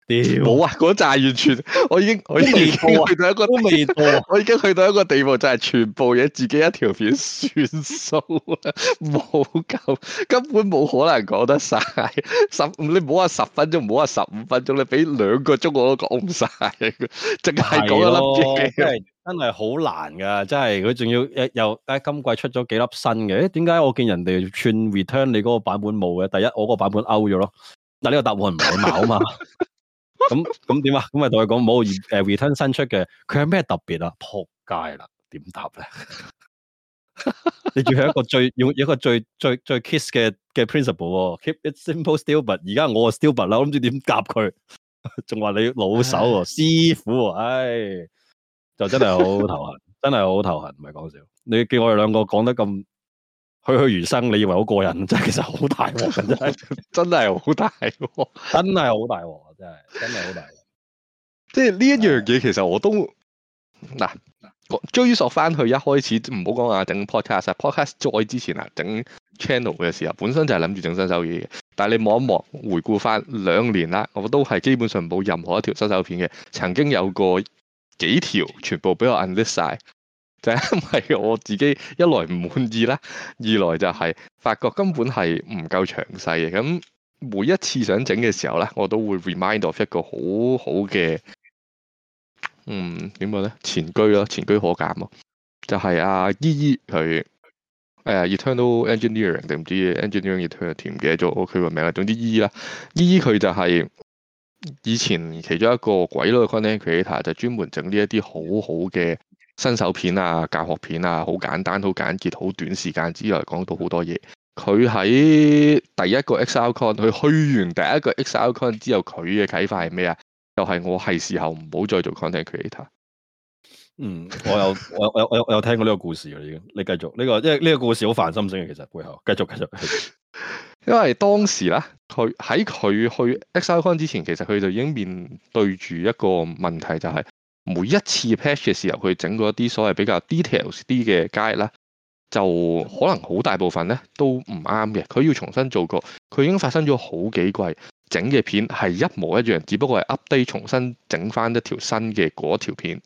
[SPEAKER 2] 冇啊！嗰紮完全，我已經我、啊、已經去到
[SPEAKER 1] 一個都未、啊、我已經去到一個地步，就係、是、全部嘢自己一條片算數冇夠，根本冇可能講得晒。十你唔好話十分鐘，唔好話十五分鐘，你俾兩個鐘我都講唔晒，淨係講一粒嘢，真係好難㗎，
[SPEAKER 2] 真係佢仲要又誒今季出咗幾粒新嘅？點解我見人哋串 return 你嗰個版本冇嘅？第一我個版本勾咗咯。嗱呢個答案唔禮貌啊嘛～ 咁咁點啊？咁咪同佢講冇，誒，return 新出嘅，佢係咩特別啊？撲街啦！點答咧？ 你仲係一個最，用一個最最最 kiss 嘅嘅 principle，keep、哦、it simple，stupid 而家我 stupid 啦，我諗住點夾佢，仲話你老手、哦、唉師傅，唉，就真係好頭痕，真係好頭痕，唔係講笑。 你叫我哋兩個講得咁栩栩如生，你以為好過癮？真係其實好大鑊，啊，真係 真係
[SPEAKER 1] 好大鑊， 真係好大鑊。真係係好大，即係呢一樣嘢，其實我都嗱，啊、我追溯翻去一開始唔好講話，整 podcast，podcast 再之前啊，整 channel 嘅時候，本身就係諗住整新手嘢嘅。但係你望一望，回顧翻兩年啦，我都係基本上冇任何一條新手片嘅。曾經有過幾條，全部俾我 unlist 曬，就係、是、因為我自己一來唔滿意啦，二來就係發覺根本係唔夠詳細嘅咁。每一次想整嘅時候咧，我都會 remind 我一個很好好嘅，嗯點講咧？前居咯，前居可鑑咯。就係、是、阿、e、依依、e，佢誒 Eternity、哎、到 Engineering 定唔知 Engineering Eternity，唔記得咗佢個名啦。總之依依啦，依依佢就係以前其中一個鬼佬嘅 content creator，就專門整呢一啲好好嘅新手片啊、教學片啊，好簡單、好簡潔、好短時間之內講到好多嘢。佢喺第一個 ExileCon，佢去完第一個 ExileCon 之後，佢嘅啟發係咩啊？就係、是、我係時候唔好再做 Content Creator。嗯，
[SPEAKER 2] 我有我 我有我有，我有聽過呢個故事已經，你繼續呢、這個，因為呢個故事好煩心嘅其實
[SPEAKER 1] 背後繼續繼續，繼續繼續因為當時咧，佢喺佢去 ExileCon 之前，其實佢就已經面對住一個問題、就是，就係每一次 patch 嘅時候，佢整嗰一啲所謂比較 details 啲嘅 guide 啦。就可能好大部分咧都唔啱嘅，佢要重新做過，佢已經發生咗好幾季整嘅片係一模一樣，只不過係 update 重新整翻一條新嘅嗰條片，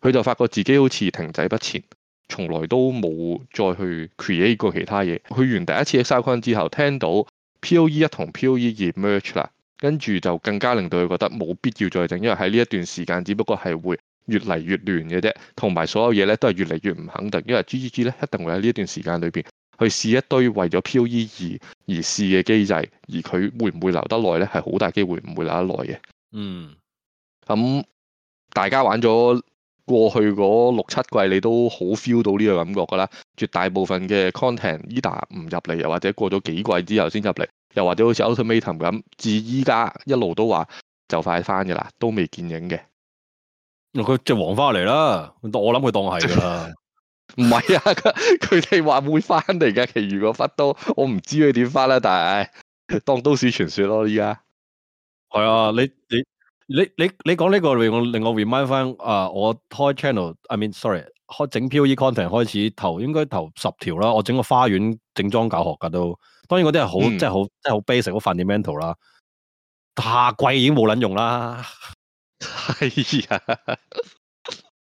[SPEAKER 1] 佢就發覺自己好似停滯不前，從來都冇再去 create 過其他嘢。去完第一次嘅 ExileCon 之後，聽到 P O E 一同 P O E 二 merge 啦，跟住就更加令到佢覺得冇必要再整，因為喺呢一段時間，只不過係會，越嚟越亂嘅啫，同埋所有嘢咧都係越嚟越唔肯定，因為 GGG 咧一定會喺呢段時間裏邊去試一堆為咗 POE 而而試嘅機制，而佢會唔會留得耐咧，係好大機會唔會留得耐嘅。嗯，咁大家玩咗過去嗰六七季，你都好 feel 到呢個感覺㗎啦。絕大部分嘅 content，either 唔入嚟，又或者過咗幾季之後先入嚟，又或者好似 Ultimatum 咁，至依家一路都話就快翻嘅啦，都未見影嘅。佢即係黃翻嚟啦，我諗佢當係噶啦。唔係啊，佢哋話會翻嚟嘅。其餘嗰忽都我唔知佢點翻啦，但係當都市傳說咯。依家係啊，你你你你你講呢個令我令我 remind
[SPEAKER 2] 翻啊！Uh, 我開 channel，I mean sorry，開整 POE content 開始頭，應該頭十條啦。我整個花園整裝教學噶都，當然嗰啲係好即係好即係好 basic 好 fundamental 啦。下季已經冇撚用啦。係啊，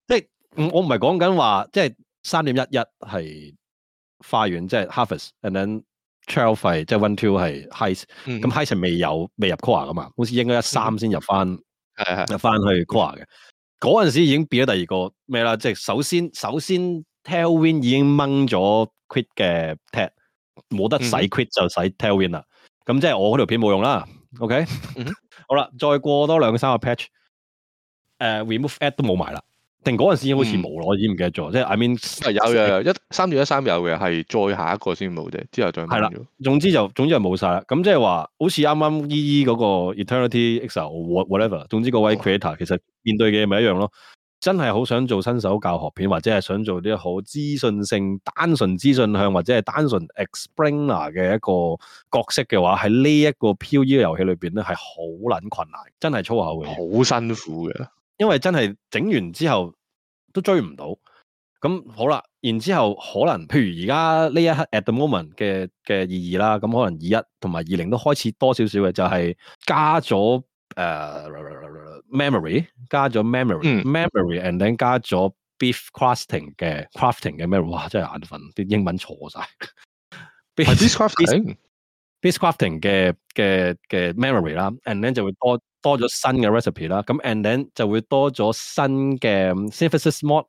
[SPEAKER 2] 即係我唔係講緊話，即係三點一一係花園，即係 harvest and trail h e n t 費即係 one two 係 Heist，咁 Heist 未有未入 core 嘅嘛，好似應該一三先入翻，係、嗯、入翻去 core 嘅，嗰陣、嗯、時已經變咗第二個咩啦，即係首先首先 Tailwind 已經掹咗 Quit 嘅 tag，冇得使 Quit 就使 Tailwind 啦，咁即係我嗰條片冇用啦，OK、嗯、哼 好啦，再過多兩三個 patch。誒、uh，remove add 都冇埋啦，定嗰陣時已經好似冇咯。嗯、我已唔記得咗。即、就、係、是、I mean 係有嘅，一三月、一三有嘅，係再下一個先冇啫。之後再係啦。總之就總之就冇晒啦。咁即係話，好似啱啱依依嗰個 Eternity e X 或 whatever，總之個位 creator，哦、其實面對嘅咪一樣咯。真係好想做新手教學片，或者係想做啲好資訊性、單純資訊向或者係單純 explainer 嘅一個角色嘅話，喺呢一個 POE 遊戲裏邊咧，係好撚困難，真係粗口嘅，好辛苦嘅。因為真係整完之後都追唔到，咁好啦，然之後可能，譬如而家呢一刻 at the moment 嘅嘅二二啦，咁可能二一同埋二零都開始多少少嘅，就係加咗誒 memory，加咗 memory，memory，and then 加咗 beef crafting 嘅 crafting 嘅咩？哇，真係眼瞓，啲英文錯晒 beef crafting。base crafting 嘅嘅嘅 memory 啦，and then 就會多多咗新嘅 recipe 啦，咁 and then 就會多咗新嘅 synthesis mod，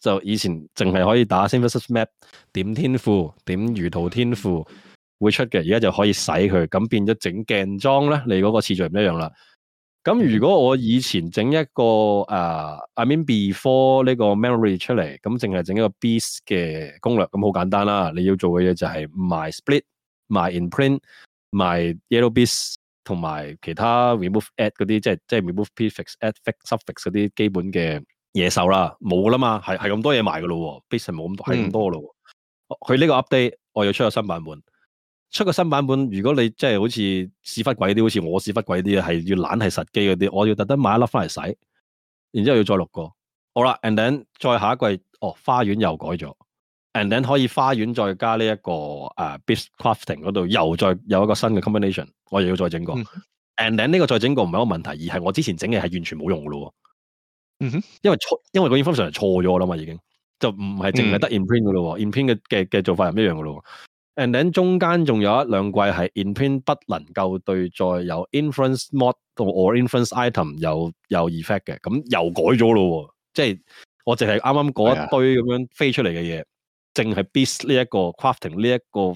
[SPEAKER 2] 就以前淨係可以打 synthesis map 點天賦點如圖天賦會出嘅，而家就可以使佢，咁變咗整鏡裝咧，你嗰個次序唔一樣啦。咁如果我以前整一個、啊、I mean before 呢個 memory 出嚟，咁淨係整一個 base 嘅攻略，咁好簡單啦，你要做嘅嘢就係 my split。買 Inprint、買 Yellow Beast 同埋其他 remove add 嗰啲，即係即係 remove prefix、add suffix 嗰啲基本嘅野獸啦，冇啦嘛，係係咁多嘢賣噶咯喎，basic 冇咁多，係咁多咯。佢呢個 update，我又出個新版本，出個新版本，如果你即係好似屎忽鬼啲，好似我屎忽鬼啲啊，係要懶係實機嗰啲，我要特登買一粒翻嚟洗，然之後要再錄個，好啦，right，and then 再下一季，哦，花園又改咗。and then 可以花園再加呢一個啊，beast crafting 嗰度又再有一個新嘅 combination，我又要再整過。and then 呢個再整過唔係一個問題，而係我之前整嘅係完全冇用嘅咯。嗯哼，因為錯，因為個 information 係錯咗啦嘛，已經就唔係淨係得 imprint 嘅咯，imprint 嘅嘅嘅做法唔一樣嘅咯。and then 中間仲有一兩季係 imprint 不能夠對再有 influence mod 同 or influence item 有有 effect 嘅，咁又改咗咯。即係我淨係啱啱嗰一堆咁樣飛出嚟嘅嘢。淨係 bis 呢一個 crafting 呢一個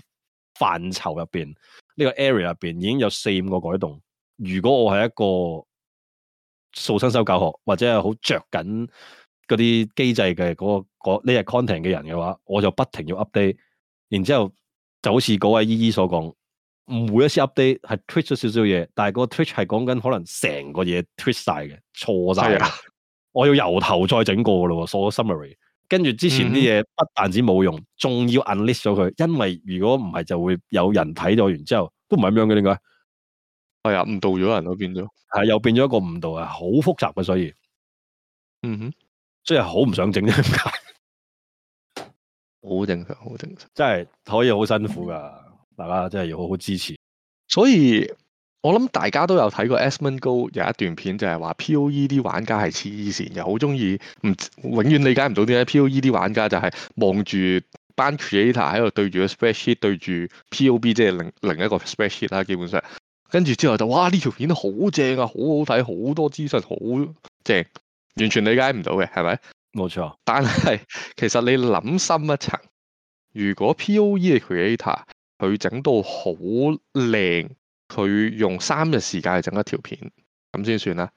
[SPEAKER 2] 範疇入邊，呢、這個 area 入邊已經有四五個改動。如果我係一個掃新手教學或者係好着緊嗰啲機制嘅嗰、那個呢日、那個、content 嘅人嘅話，我就不停要 update。然之後就好似嗰位姨姨所講，每一次 update 係 twist 咗少少嘢，但係個 twist 係講緊可能成個嘢 twist 晒嘅錯晒。錯是啊、我要由頭再整個噶咯，做 summary。跟住之前啲嘢，不但止冇用，仲、嗯、哼要 unlist 咗佢。因為如果唔係，就會有人睇咗完之後，都唔係咁樣嘅點解？係啊、哎，誤導咗人都變咗，係又變咗一個誤導啊！好複雜嘅，所以，嗯哼，即係好唔想整啫，點解、嗯哼？好 正常，好正常，真係可以好辛苦噶，
[SPEAKER 1] 大家真係要好好支持，所以。我諗大家都有睇過《Asmongold》有一段片，就係話 P.O.E. 啲玩家係黐線嘅，好中意唔永遠理解唔到點解 P.O.E. 啲玩家就係望住班 Creator 喺度對住個 spreadsheet，對住 P.O.B. 即係另另一個 spreadsheet 啦，基本上跟住之後就哇呢條片好正啊，好好睇，好多資訊好正，完全理解唔到嘅，係咪？冇錯錯，但係其實你諗深一層，如果 P.O.E. 嘅 Creator 佢整到好靚。佢用三日時間去整一條片，咁先算啦。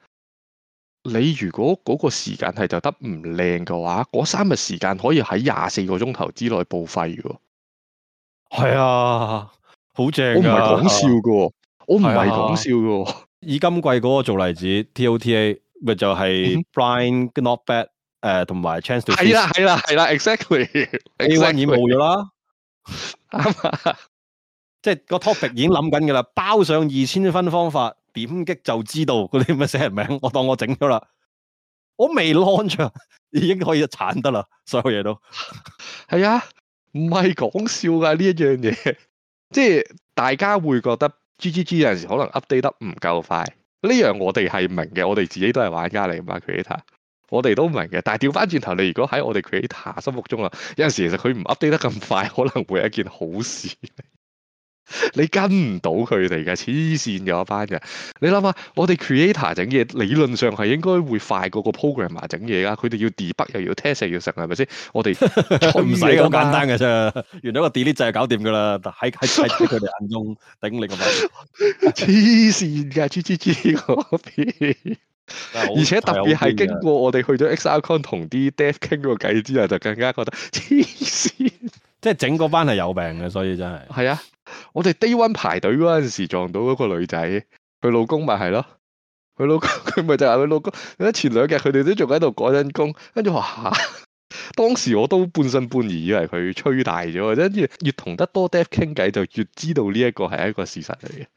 [SPEAKER 1] 你如果嗰個時間係就得唔靚嘅話，嗰三日時間可以喺廿四個鐘頭之內報廢嘅
[SPEAKER 2] 喎。係啊，好正、啊！我唔係講笑
[SPEAKER 1] 嘅，啊、我唔係講笑
[SPEAKER 2] 嘅、啊啊。以今季嗰個做例子，TOTA 咪就係 blind、嗯、哼 not bad 誒、uh, 啊，同埋 chance to see 係啦，係啦，
[SPEAKER 1] 係啦，exactly。
[SPEAKER 2] A one 已冇咗啦，啱啊。即係、那個 topic 已經諗緊㗎啦，包上二千分方法，點擊就知道嗰啲咩寫人名，我當我整咗啦。我未 launch
[SPEAKER 1] 已經可以一鏟得啦，所有嘢都係啊，唔係講笑㗎呢一樣嘢。即係大家會覺得 G G G 有陣時可能 update 得唔夠快，呢樣我哋係明嘅，我哋自己都係玩家嚟嘛。c r e a t o r 我哋都唔明嘅。但係調翻轉頭，你如果喺我哋 Creator 心目中啊，有陣時候其實佢唔 update 得咁快，可能會係一件好事。你跟唔到佢哋嘅，黐線嘅一班人。你諗下，我哋 creator 整嘢理論上係應該會快過個 programmer 整嘢啦。佢哋要 debug 又要 test 又要成，係咪先？我哋唔使咁簡單嘅啫，原
[SPEAKER 2] 來 個 delete 就係搞掂噶啦。喺喺喺佢哋眼中頂你個肺，
[SPEAKER 1] 黐線嘅！G G G 嗰邊，
[SPEAKER 2] 而且特別係經
[SPEAKER 1] 過我哋去咗 ExileCon 同啲 Dev 傾過計之後，就更加覺得黐線。即係整嗰班係有病嘅，所以真係。係啊，我哋低 a 排隊嗰陣時撞到嗰個女仔，佢老公咪係咯，佢老公佢咪就係佢老公。前兩日佢哋都仲喺度改緊工，跟住話，當時我都半信半疑以為佢吹大咗，跟住越同得多 death 傾偈，就越知道呢一個係一個事實嚟嘅。誒、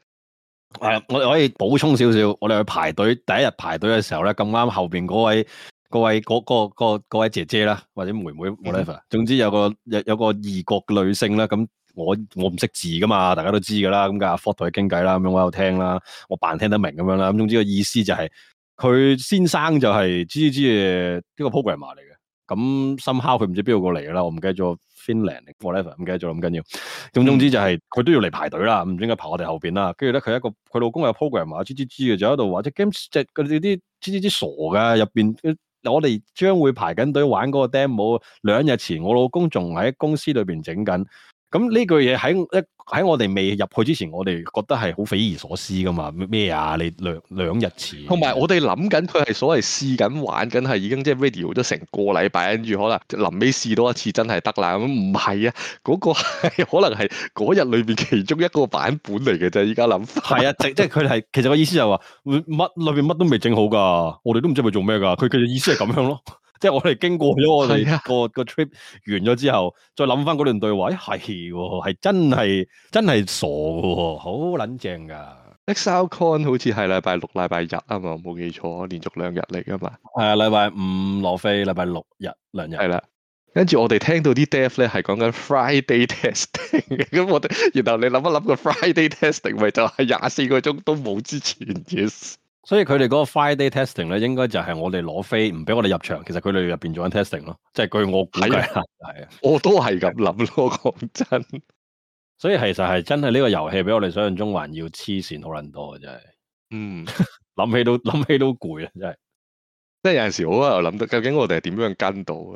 [SPEAKER 1] 嗯，我
[SPEAKER 2] 哋可以補充少少，我哋去排隊第一日排隊嘅時候咧，咁啱後邊嗰位。各位嗰、那個嗰位、那個那個、姐姐啦，或者妹妹，whatever 總之有個有有個異國嘅女性啦，咁我我唔識字噶嘛，大家都知噶啦，咁嘅阿 fort 同佢傾偈啦，咁我喺度聽啦，我扮聽,聽得明咁樣啦，咁總之個意思就係、是、佢先生就係 GGG 呢個 programmer 嚟嘅，咁深敲佢唔知邊個嚟啦，我唔記得咗 Finland 嚟，我 never 唔記得咗，咁緊要，咁總之就係佢都要嚟排隊啦，唔應該排我哋後邊啦。跟住咧，佢一個佢老公 programmer, 咳咳咳的、就是、有 program 啊，GGG 嘅就喺度話，即 game 即係佢哋啲 GGG 傻嘅入邊。我哋將會排緊隊玩嗰個 demo，兩日前我老公仲喺公司裏面整緊。咁呢句嘢喺一喺我哋未入去之前，我哋覺得係好匪夷所思噶嘛？
[SPEAKER 1] 咩啊？你兩兩日次，同埋我哋諗緊佢係所謂試緊玩緊，係已經即係 video 咗成個禮拜，跟住可能臨尾試多一次真，真係得啦。咁唔係啊？嗰、那個係可能係嗰日裏面其中一個版本嚟嘅啫。依家諗係啊，即即係佢係
[SPEAKER 2] 其實個意思就係話，乜裏面乜都未整好噶，我哋都唔知佢做咩噶。佢嘅意思係咁樣咯。 即係我哋經過咗我哋個個 trip 完咗之後，再諗翻嗰段對話，咦
[SPEAKER 1] 係喎，係真係真係傻嘅喎，好撚正㗎。ExileCon 好似係禮拜六、禮拜日啊嘛，冇記錯，連續兩日嚟㗎嘛。
[SPEAKER 2] 誒，禮拜五
[SPEAKER 1] 落飛，禮拜六日兩日。係啦，跟住我哋聽到啲 Dave 咧係講緊 Friday testing，咁我哋，然後你諗一諗個 Friday testing 咪就係廿四個鐘都冇
[SPEAKER 2] 之前嘅事。所以佢哋嗰個 Friday testing 咧，應該就係我哋攞飛唔俾我哋入場。其實佢哋入邊做緊 testing 咯，即係據我估計係啊，
[SPEAKER 1] 我都係咁諗咯。講
[SPEAKER 2] 真，所以其實係真係呢個遊戲比我哋想象中還要黐線好捻多嘅，真係。
[SPEAKER 1] 嗯，諗 起都諗起都攰啊，真係。即係有陣時我喺度諗到，究竟我哋係點樣跟到嘅？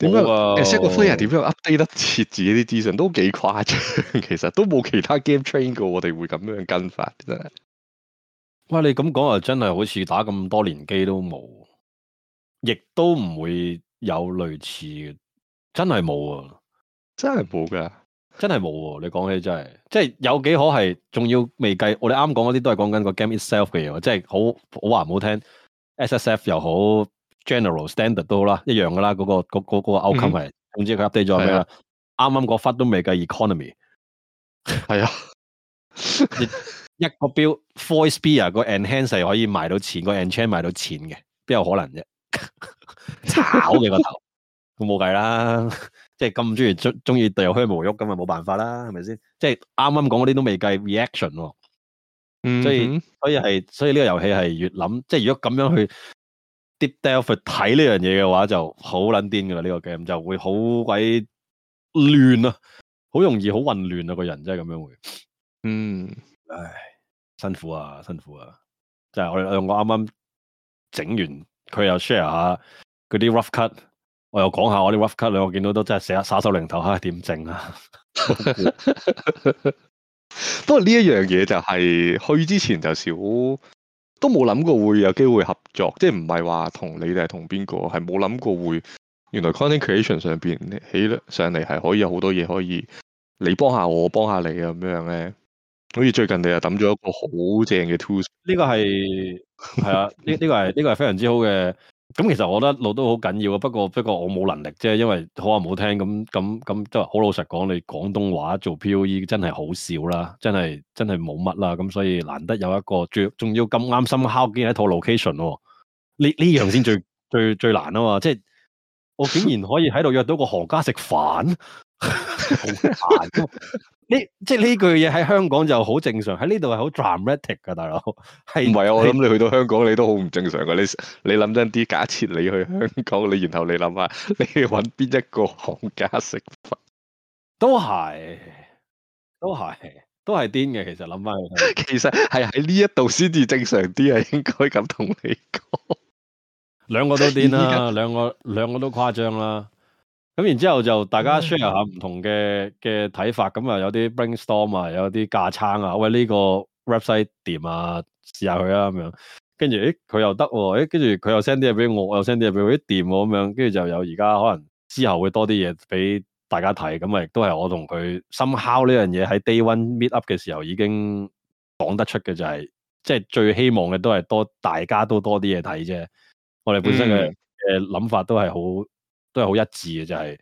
[SPEAKER 1] 點、啊、樣？而且個飛係點樣 update 得切自己啲資訊都幾誇張。其實都冇其他 game train 過，我哋會咁樣跟法真係。
[SPEAKER 2] 哇！你咁講啊，真係好似打咁多年機都冇，亦都唔會有類似，真係冇啊！真係冇噶，真係冇、啊。你講起真係，即係有幾可係，仲要未計。我哋啱啱講嗰啲都係講緊個 game itself 嘅嘢，即係好好話唔好聽，SSF 又好，general standard 都好啦，一樣噶啦。嗰、嗰個嗰嗰、嗰個 outcome 係，嗰個嗯、總之佢 update 咗咩啦？啱啱嗰忽都未計 economy，係啊。你 一個標 voice spear 個 enhance 係可以賣到錢，個 enchant 賣到錢嘅，邊有可能啫？ 炒嘅個頭咁冇計啦，即係咁中意中中意掉靴無喐，咁啊冇辦法啦，係咪先？即係啱啱講嗰啲都未計 reaction，、哦 mm hmm. 所以所以係所以呢個遊戲係越諗，即係如果咁樣去 deep delve 去睇呢樣嘢嘅話，就好撚癲噶啦，呢個 game 就會好鬼亂啊，好容易好混亂啊，個人真係咁樣會，嗯、mm。Hmm. 唉，辛苦啊，辛苦啊！就係我哋兩個啱啱整完，佢又 share 下嗰啲 rough cut，我又講下我啲 rough cut。我見到都真係寫撒手擰頭，吓點整啊？
[SPEAKER 1] 不過呢一樣嘢就係、是、去之前就少，都冇諗過會有機會合作，即係唔係話同你哋係同邊個，係冇諗過會。原來 content creation 上邊起上嚟係可以有好多嘢可以，你幫下我，我幫下你啊，咁樣咧。好似最近你又揼咗一個好正嘅 tools，
[SPEAKER 2] 呢個係係 啊，呢、呢、呢個係呢、呢個係非常之好嘅。咁其實我覺得路都好緊要啊，不過不過我冇能力啫，因為好話唔好聽，咁咁咁即係好老實講，你廣東話做 POE 真係好少啦，真係真係冇乜啦。咁所以難得有一個，剛剛一個、哦、呢呢最仲要咁啱心敲擊一套 location 喎，呢呢樣先最最最難啊嘛！即係我竟然可以喺度約到個行家食飯。 好難，呢即係呢句嘢喺香港就好正常，喺呢度係好 dramatic 噶，大佬係
[SPEAKER 1] 唔係啊？是你我諗你去到香港你都好唔正常噶，你你諗真啲，假設你去香港，你然後你諗下，你去搵邊一個行家食飯
[SPEAKER 2] 都係，都係，都係癲嘅。其實諗翻起， 其實
[SPEAKER 1] 係喺呢一度先至正常啲啊，應該咁同你講，
[SPEAKER 2] 兩個都癲啦，在兩個兩個都誇張啦。咁然之後就大家 share 下唔同嘅嘅睇法，咁啊有啲 brainstorm 啊，有啲架撐啊，喂，呢個 website 掂啊，試下佢啊咁樣，跟住誒佢又得，誒跟住佢又 send 啲嘢俾我，我又 send 啲嘢俾啲掂咁樣，跟住就有而家可能之後會多啲嘢俾大家睇，咁啊亦都係我同佢深敲呢樣嘢喺 day one meet up 嘅時候已經講得出嘅就係，即係最希望嘅都係多大家都多啲嘢睇啫，我哋本身嘅嘅諗法都係好。都係好一致嘅，就是，就係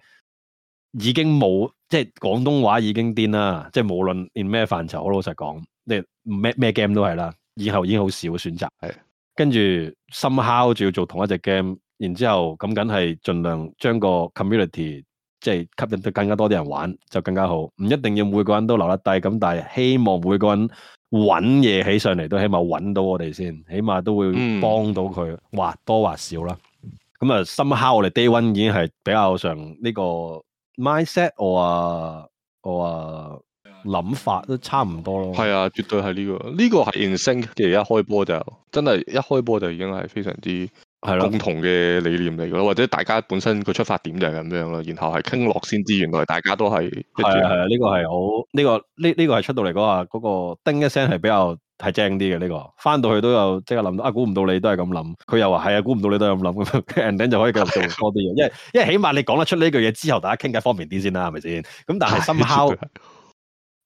[SPEAKER 2] 已經冇即係廣東話已經癲啦，即係無論 in 咩範疇，好老實講，即係咩咩 game 都係啦。以後已經好少選擇，係跟住深敲仲要做同一隻 game，然之後咁梗係盡量將個 community 即係吸引得更加多啲人玩，就更加好。唔一定要每個人都留得低，咁但係希望每個人揾嘢起上嚟都起碼揾到我哋先，起碼都會幫到佢，或、嗯、多或少啦。咁啊，somehow 我哋 day one 已經係比較上呢個 mindset，我話、啊、我話、啊、諗法,都差唔多咯。係啊，
[SPEAKER 1] 絕對係呢、這個呢、這個係 in sync 嘅，一開波就真係一開波就已經係非常之係咯，共同嘅理念嚟嘅咯，的或者大家本身個出發點就係咁樣咯，然後係傾落先知原來大家都係係係啊，呢、這個係
[SPEAKER 2] 好呢個呢呢、這個係、這個、出到嚟講話嗰個叮一聲係比較。係精啲嘅呢個，翻到去都有即刻諗到，啊，估唔到你都係咁諗，佢又話係啊，估唔到你都係咁諗咁樣 and then 就可以繼續做多啲嘢， 因為因為起碼你講得出呢句嘢之後，大家傾偈方便啲先啦，係咪先？咁 但係 somehow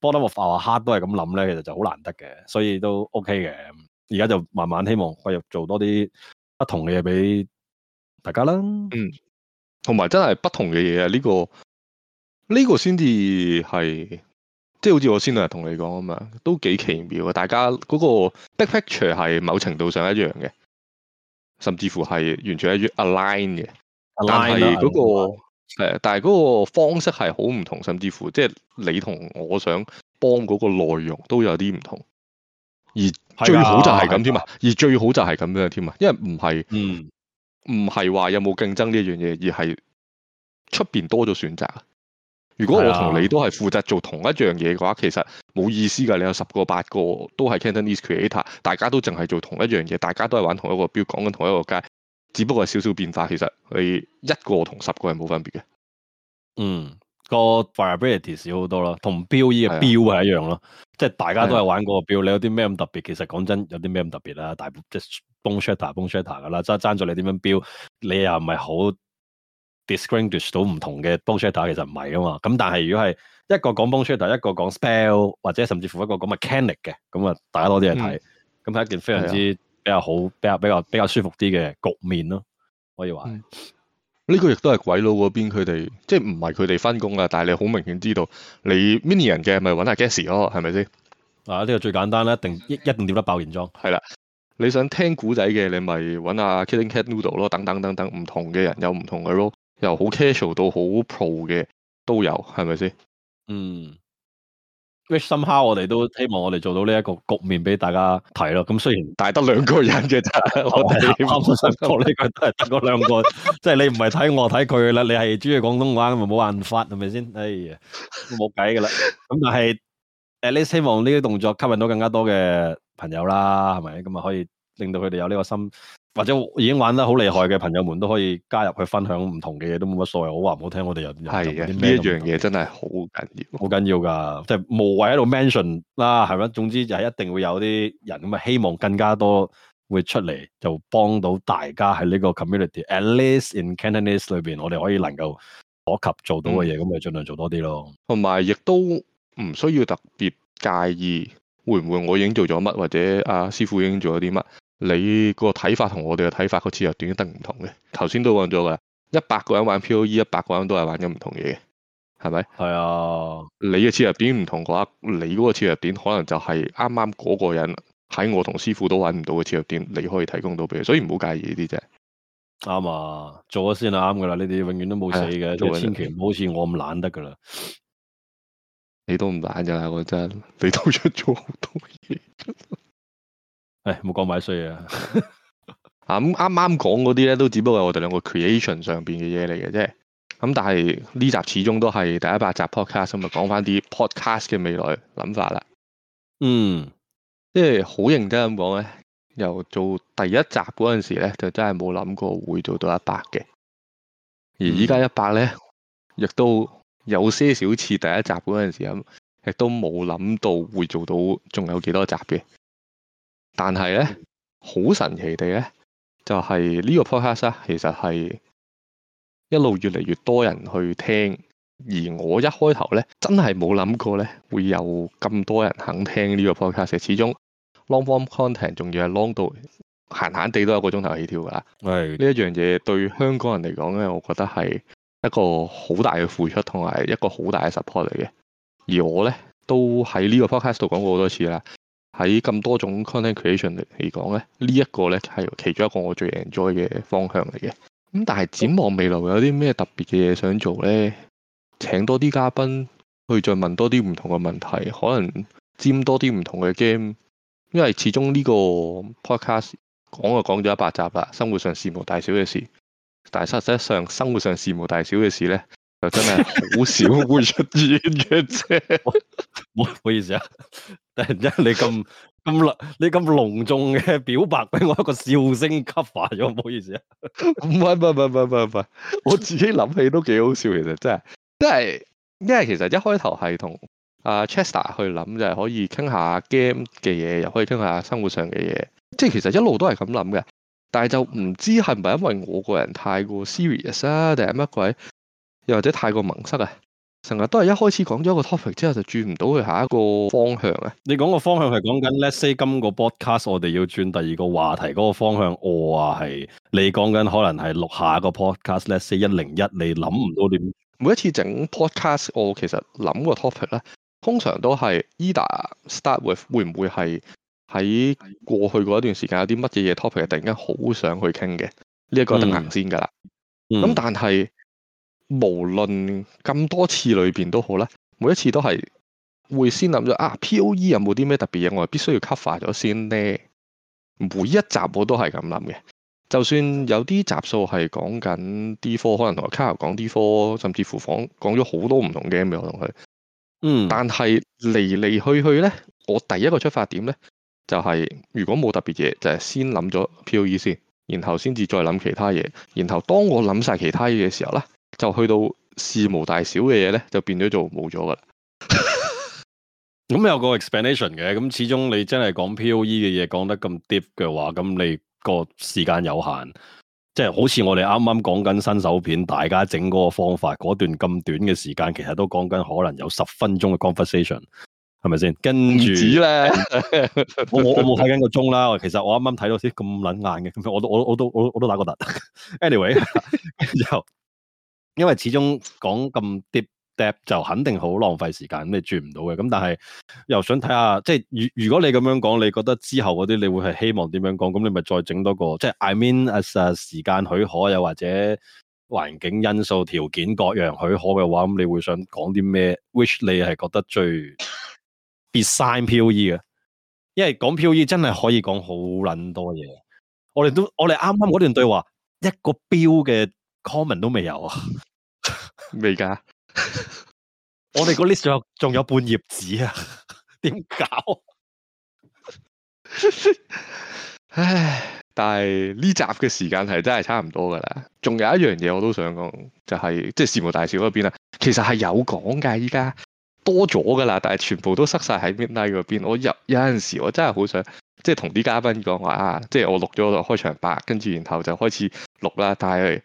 [SPEAKER 2] bottom of our heart 都係咁諗咧，其實就好難得嘅，所以都 OK 嘅。而家就慢慢希望繼續做多啲不同嘅嘢俾
[SPEAKER 1] 大家啦。嗯，同埋真係不同嘅嘢啊，呢個呢個先至係。即係好似我先啊，同你講啊嘛，都幾奇妙啊！大家嗰個 big picture 係某程度上一樣嘅，甚至乎係完全係 align 嘅。Align。但係嗰個，誒，但係嗰個方式係好唔同，甚至乎即係你同我想幫嗰個內容都有啲唔同。而最好就係咁添啊！而最好就係咁樣添啊！因為唔係唔係話有冇競爭呢樣嘢，而係出面多咗選擇。
[SPEAKER 2] 如果我同你
[SPEAKER 1] 都係負責做同一樣嘢嘅話，啊、其實冇意思㗎。你有十個八個都係 Cantonese creator，大家都淨係做同一樣嘢，大家都係玩同一個標，講緊同一個街，只不過係少少變化。其實你一個同十個係冇分別嘅。嗯，個
[SPEAKER 2] variabilities 少好多咯，同標呢個標係一樣咯，即係、啊、大家都係玩個標。你有啲咩咁特別？啊、其實講真，有啲咩咁特別啊？大即係 boom shutter, boom shutter 噶啦，爭爭在你點樣標，你又唔係好。discriminate 到唔同嘅 bouncer 打其實唔係啊嘛，咁但係如果係一個講 bouncer，s 一個講 spell 或者甚至乎一個講 mechanic 嘅，咁啊，大家多啲嘢睇，咁係、嗯、一件非常之比較好、比較、嗯、比較比較舒服啲嘅局面咯，可以話。呢、
[SPEAKER 1] 嗯、個亦都係鬼佬嗰邊佢哋，即係唔係佢哋分工啊？但係你好明顯知道，你 minion 嘅咪揾阿 Gassy 咯？係咪先？啊，呢、這個最簡單啦，一定一定點得爆現裝。係啦、嗯，你想聽古仔嘅，你咪揾下 Killing Cat Noodle 咯，等等等等，唔同嘅人有唔同嘅 role。由好 casual 到好 pro 嘅都有，係咪先？
[SPEAKER 2] 嗯 which somehow 我哋都希望我哋做到呢一個局面俾大家睇咯。咁雖然大得兩個人嘅咋， 我哋啱啱上台呢個都係得嗰兩個， 即係你唔係睇我睇佢啦，你係主要廣東話咁咪冇辦法，係咪先？哎呀，冇計噶啦。咁但係 at least 希望呢啲動作吸引到更加多嘅朋友啦，係咪？咁啊可以令到佢哋有呢個心。或者已經玩得好厲害嘅朋友們都可以加入去分享唔同嘅嘢，都冇乜所謂。好話唔好聽，我哋又係嘅呢一樣
[SPEAKER 1] 嘢真係好緊要，
[SPEAKER 2] 好緊要㗎。即係無謂喺度 mention 啦，係咪？總之就係一定會有啲人咁啊，希望更加多會出嚟就幫到大家喺呢個 community 的。At least in Cantonese 裏邊，我哋可以能夠可及做到嘅嘢，咁咪盡量做多啲咯。
[SPEAKER 1] 同埋亦都唔需要特別介意會唔會我已經做咗乜，或者阿、啊、師傅已經做咗啲乜。你個睇法，我的看法的同我哋嘅睇法個切入點一定唔同嘅，頭先都講咗噶，一百個人玩 POE，一百個人都係玩緊唔同嘢嘅，係咪？係啊。你嘅切入點唔同嘅話，你嗰個切入點可能就係啱啱嗰個人喺我同師傅都玩唔到嘅切入點，你可以提供到俾佢，所以唔好介意呢啲啫。
[SPEAKER 2] 啱啊，做咗先係啱噶啦，你哋永遠都冇死嘅，即係、啊、千祈唔好似我咁懶得噶啦。
[SPEAKER 1] 你都唔懶嘅啦，我真，你都出咗好多嘢。
[SPEAKER 2] 誒，冇講埋衰嘢啊！
[SPEAKER 1] 啊，咁啱啱講嗰啲咧，都只不過係我哋兩個 creation 上邊嘅嘢嚟嘅，啫。咁。但係呢集始終都係第一百集 podcast，咁咪講翻啲 podcast 嘅未來諗法啦。嗯，即係好認真咁講咧，由做第一集嗰陣時咧，就真係冇諗過會做到一百嘅。而依家一百咧，亦、嗯、都有些少似第一集嗰陣時咁，亦、嗯、都冇諗到會做到仲有幾多集嘅。但係咧，好神奇地咧，就係呢個 podcast 啊，其實係一路越嚟越多人去聽。而我一開頭咧，真係冇諗過咧會有咁多人肯聽呢個 podcast。嘅始終 long form content 仲要係 long 到閒閒地都有個鐘頭起跳㗎啦。係呢是的 一樣嘢對香港人嚟講咧，我覺得係一個好大嘅付出同埋一個好大嘅 support 嚟嘅。而我咧都喺呢個 podcast 度講過好多次啦。喺咁多種 content creation 嚟講咧，呢一個咧係其中一個我最 enjoy 嘅方向嚟嘅。咁但係展望未來有啲咩特別嘅嘢想做咧？請多啲嘉賓去再問多啲唔同嘅問題，可能占多啲唔同嘅 game。因為始終呢個 podcast 講就講咗一百集啦，生活上事無大小嘅事。但係實質上生活上事無大小嘅事咧。 真係好少會出現嘅啫，唔好意思啊！突然間你咁咁
[SPEAKER 2] 隆，你咁隆重嘅表白俾我一個笑聲 cover 咗，唔好意思啊！
[SPEAKER 1] 唔係唔係唔係唔唔係，我自己諗起都幾好笑，其實真係真係，因為其實一開頭係同阿、uh, Chester 去諗，就係、是、可以傾下 game 嘅嘢，又可以傾下生活上嘅嘢，即係其實一路都係咁諗嘅。但係就唔知係唔係因為我個人太過 serious 啊，定係乜鬼？又或者太過萌塞啊！成日都係一開始講咗個 topic 之後就轉唔到去下一個方向咧。你講個方向係講緊，let's say 今
[SPEAKER 2] 個 podcast 我哋要轉第二個話題嗰個方向，我啊係你講緊可能係
[SPEAKER 1] 錄下一個 podcast，let's say 一零一，你諗唔到點？每一次整 podcast，我其實諗個 topic 咧，通常都係 either start with 會唔會係喺過去嗰一段時間有啲乜嘢嘢 topic 突然間好想去傾嘅？呢、這、一個定硬先㗎啦。咁但係。嗯無論咁多次裏面都好啦，每一次都係會先諗咗啊。POE 有冇啲咩特別嘢？我係必須要 cover 咗先呢。每一集我都係咁諗嘅。就算有啲集數係講緊 D4，可能同 Carry 講 D4，甚至乎講講咗好多唔同嘅 game 我同佢嗯，但係嚟嚟去去咧，我第一個出發點咧就係、是、如果冇特別嘢，就係、是、先諗咗 POE 先，然後先至再諗其他嘢。然後當我諗晒其他嘢嘅時候咧。就去到事無大小嘅嘢咧，就變咗做冇咗噶啦。咁有個 explanation 嘅，咁始終你真係講
[SPEAKER 2] POE 嘅嘢講得咁 deep 嘅話，咁你個時間有限，即係好似我哋啱啱講緊新手片，大家整嗰個方法嗰段咁短嘅時間，其實都講緊可能有十分鐘嘅 conversation，係咪先？跟住唔止咧，我我我冇睇緊個鐘啦。其實我啱啱睇到先咁撚眼嘅，我都我都我都我都打個突。anyway， 因為始終講咁 deep depth 就肯定好浪費時間，咁你轉唔到嘅。咁但係又想睇下，即係如如果你咁樣講，你覺得之後嗰啲你會係希望點樣講？咁你咪再整多個。即係 I mean，as 時間許可，又或者環境因素、條件各樣許可嘅話，咁你會想講啲咩？Which 你係覺得最 beside POE 嘅？因為講 POE 真係可以講好撚多嘢。我哋都我哋啱啱嗰段對話一個標嘅。Comment 都未有啊有，未噶？我
[SPEAKER 1] 哋嗰 list 仲有半頁紙啊，點搞？ 唉，但係呢集嘅時間係真係差唔多噶啦。仲有一樣嘢我都想講，就係即係事務大小嗰邊啊。其實係有講嘅，依家多咗噶啦。但係全部都塞晒喺 Midnight 嗰邊。我入有陣時，我真係好想即係同啲嘉賓講話啊。即係我錄咗個開場白，跟住然後就開始錄啦。但係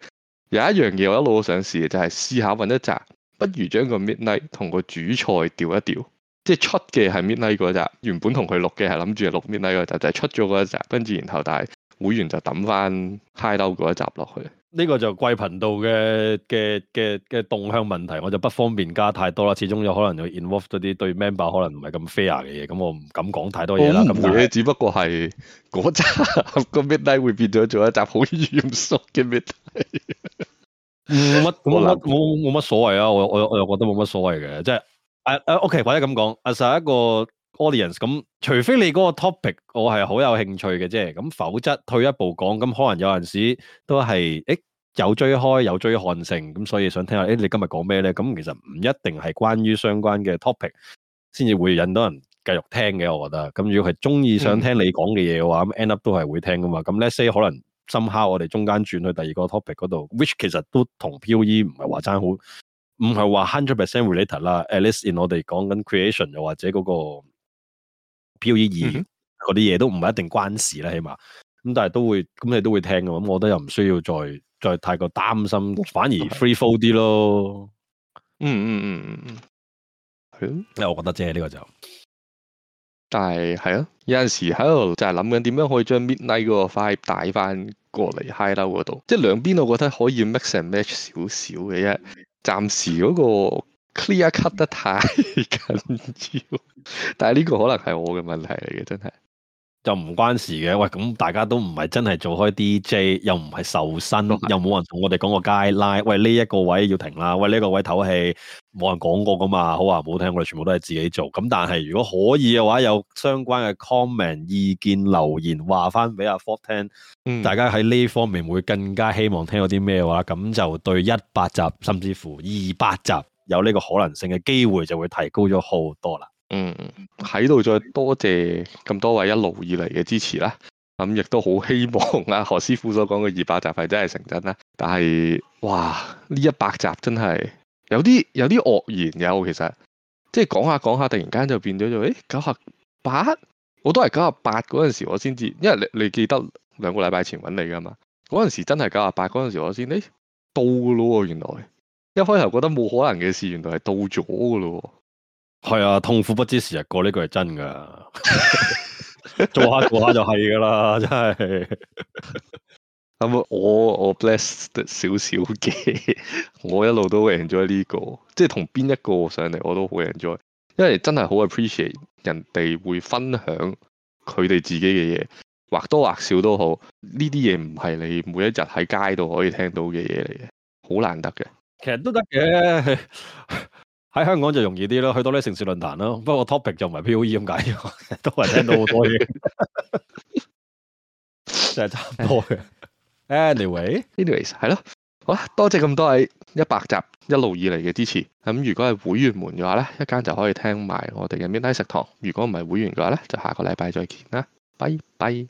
[SPEAKER 1] 有一樣嘢我一路都想試，就係試下揾一集，不如將個 Midnight 同個主菜調一調，即係出嘅係 Midnight 嗰集，原本同佢錄嘅係諗住錄 Midnight 嗰集，就係出咗嗰一集，跟住然後但係會員就揼翻 high low 嗰一集落去。
[SPEAKER 2] 呢個就貴頻道嘅嘅嘅嘅動向問題，我就不方便加太多啦。始終有可能又 involve 咗啲對 member 可能唔係咁 fair 嘅嘢，咁我唔敢講太多嘢啦。咁嘢只不
[SPEAKER 1] 過係嗰集個 midnight 會變咗做一集好嚴肅嘅 midnight。冇乜冇乜冇冇乜所謂啊！我我我又覺得冇乜所謂嘅，
[SPEAKER 2] 即係誒誒，OK 或者咁講，啊實一個。Audience，咁除非你嗰個 topic 我係好有興趣嘅啫，咁否則退一步講，咁可能有陣時都係，誒、欸、有追開有追看性，咁所以想聽下、欸，你今日講咩咧？咁其實唔一定係關於相關嘅 topic 先至會引到人繼續聽嘅，我覺得。咁如果係中意想聽你講嘅嘢嘅話，咁 end up 都係會聽噶嘛。咁 let's say 可能 somehow，我哋中間轉去第二個 topic 嗰度，which 其實都同 PoE 唔係話爭好，唔係話 hundred percent related 啦。At least in 我哋講緊 creation 又或者嗰、嗰個。POE2 嗰啲嘢都唔係一定關事啦，起碼咁，但係都會咁你都會聽嘅，咁我覺得又唔需要再再太過擔心，反而 freefall 啲咯。嗯嗯嗯嗯嗯，係咯，因為我覺得啫，呢個就
[SPEAKER 1] 但係係啊。有陣時喺度就係諗緊點樣可以將 midnight 嗰個 vibe 帶翻過嚟 high low 嗰度，即係兩邊我覺得可以 mix and match 少少嘅啫，暫時嗰、嗰個。clear cut 得太緊要， 但係呢個可能係我嘅問題嚟嘅，真係就唔
[SPEAKER 2] 係就唔關事嘅。喂，咁大家都唔係真係做開 DJ，又唔係受薪，是又冇人同我哋講過 guideline、呢個。喂，呢、呢、一個位要停啦。喂，呢一個位唞氣，冇人講過噶嘛。好話唔好聽，我哋全部都係自己做。咁但係如果可以嘅話，有相關嘅 comment 意見留言話翻俾阿 Fort 聽。En, 嗯，大家喺呢方面會更加希望聽到啲咩話？咁就對一百集，甚至乎二百集。有呢個可能性嘅機
[SPEAKER 1] 會就會提高咗好多啦、嗯。嗯，喺度再多謝咁多位一路以嚟嘅支持啦。咁亦都好希望啊何師傅所講嘅二百集係真係成真啦、啊。但係哇，呢一百集真係有啲有啲愕然嘅，其實即係講下講下，突然間就變咗就誒九十八，欸98？我都係九十八嗰陣時候我先知，因為你你記得兩個禮拜前揾你噶嘛，嗰陣時候真係九十八嗰陣時候我先誒、欸、到咯、啊、原來。一開頭覺得冇可能嘅事，原來係到咗噶咯。
[SPEAKER 2] 係啊，痛苦不知時日過呢個係真噶。
[SPEAKER 1] 做 下做下就
[SPEAKER 2] 係噶啦，真係咁
[SPEAKER 1] 嗯。我我 bless 少少嘅， 我一路都 enjoy 呢、呢個，即係同邊一個上嚟我都好 enjoy，因為真係好 appreciate 人哋會分享佢哋自己嘅嘢，或多或少都好呢啲嘢，唔係你每一日喺街度可以聽到嘅嘢嚟嘅，好難得嘅。其實都得嘅，喺香港就
[SPEAKER 2] 容易啲咯，去到啲城市論壇咯。不過 topic 就唔係 POE 咁解，都係聽到好多嘢，
[SPEAKER 1] 就係 差唔多嘅。Anyway，anyways 係咯，好啦，多謝咁多位一百集一路以嚟嘅支持。咁如果係會員們嘅話咧，一間就可以聽埋我哋嘅 Midnight 食堂。如果唔係會員嘅話咧，就下個禮拜再見啦，拜拜。